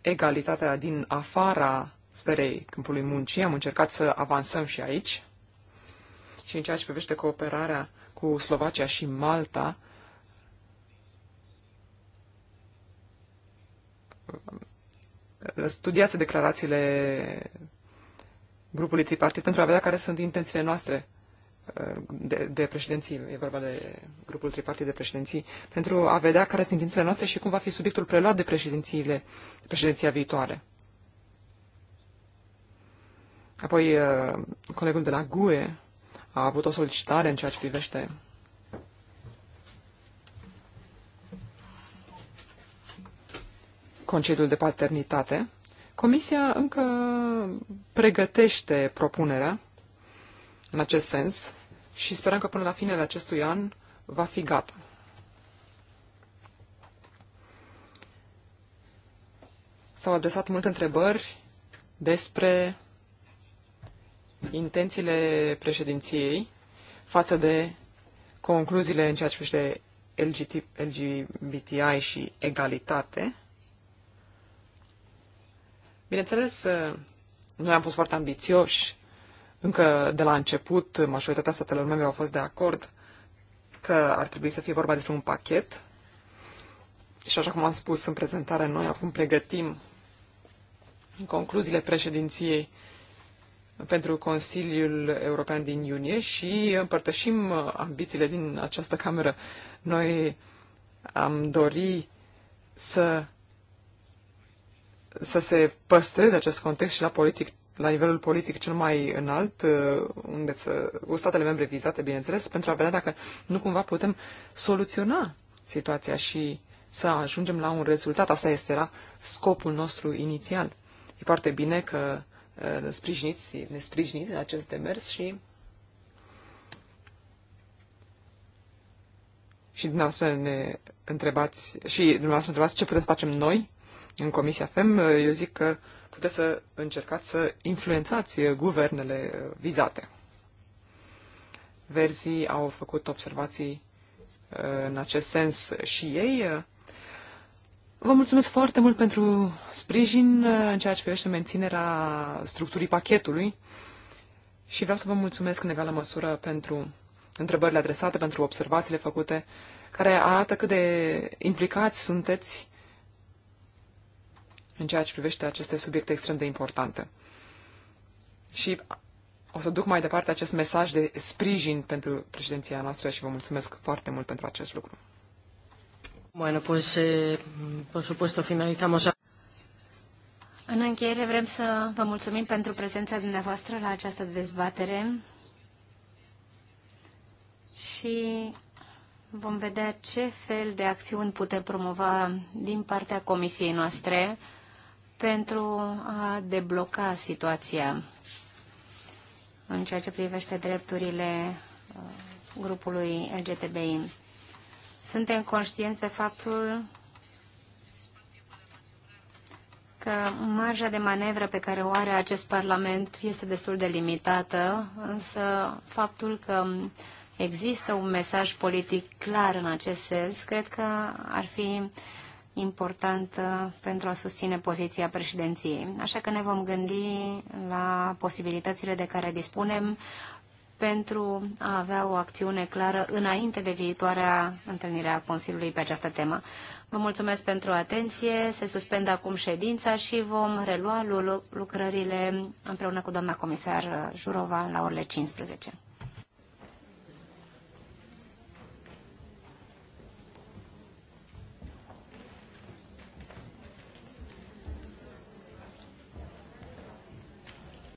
egalitatea din afara sferei câmpului muncii. Am încercat să avansăm și aici. Și în ceea ce privește cooperarea cu Slovacia și Malta, studiați declarațiile grupului tripartit pentru a vedea care sunt intențiile noastre uh, de, de președinții, e vorba de grupul tripartit de președinții, pentru a vedea care sunt intențiile noastre și cum va fi subiectul preluat de președințiile, de președinția viitoare. Apoi, uh, colegul de la GUE a avut o solicitare în ceea ce privește concediul de paternitate. Comisia încă pregătește propunerea în acest sens și sperăm că până la finele acestui an va fi gata. S-au adresat multe întrebări despre intențiile președinției față de concluziile în ceea ce privește LGBTI și egalitate. Bineînțeles, uh, noi am fost foarte ambițioși. Încă de la început, majoritatea statelor membre au fost de acord că ar trebui să fie vorba despre un pachet. Și așa cum am spus în prezentare, noi acum pregătim concluziile președinției pentru Consiliul European din iunie și împărtășim uh, ambițiile din această cameră. Noi am dori să să se păstreze acest context și la politic la nivelul politic cel mai înalt, uh, unde să, cu statele membre vizate, bineînțeles, pentru a vedea dacă nu cumva putem soluționa situația și să ajungem la un rezultat. Asta este era scopul nostru inițial. E foarte bine că uh, ne sprijiniți, ne sprijiniți în acest demers și și dumneavoastră ne întrebați și dumneavoastră întrebați ce putem să facem noi în Comisia FEM, eu zic că puteți să încercați să influențați guvernele vizate. Verzii au făcut observații uh, în acest sens și ei. Vă mulțumesc foarte mult pentru sprijin uh, în ceea ce privește menținerea structurii pachetului și vreau să vă mulțumesc în egală măsură pentru întrebările adresate, pentru observațiile făcute, care arată cât de implicați sunteți în ceea ce privește aceste subiecte extrem de importante. Și o să duc mai departe acest mesaj de sprijin pentru președinția noastră și vă mulțumesc foarte mult pentru acest lucru. Bueno, pues, eh, por supuesto, finalizamos. În încheiere vrem să vă mulțumim pentru prezența dumneavoastră la această dezbatere și vom vedea ce fel de acțiuni putem promova din partea comisiei noastre pentru a debloca situația în ceea ce privește drepturile uh, grupului LGTBI. Suntem conștienți de faptul că marja de manevră pe care o are acest Parlament este destul de limitată, însă faptul că există un mesaj politic clar în acest sens, cred că ar fi uh, important pentru a susține poziția președinției. Așa că ne vom gândi la posibilitățile de care dispunem pentru a avea o acțiune clară înainte de viitoarea întâlnire a Consiliului pe această temă. Vă mulțumesc pentru atenție, se suspendă acum ședința și vom relua lucrările împreună cu doamna comisar Jurova la orele 15.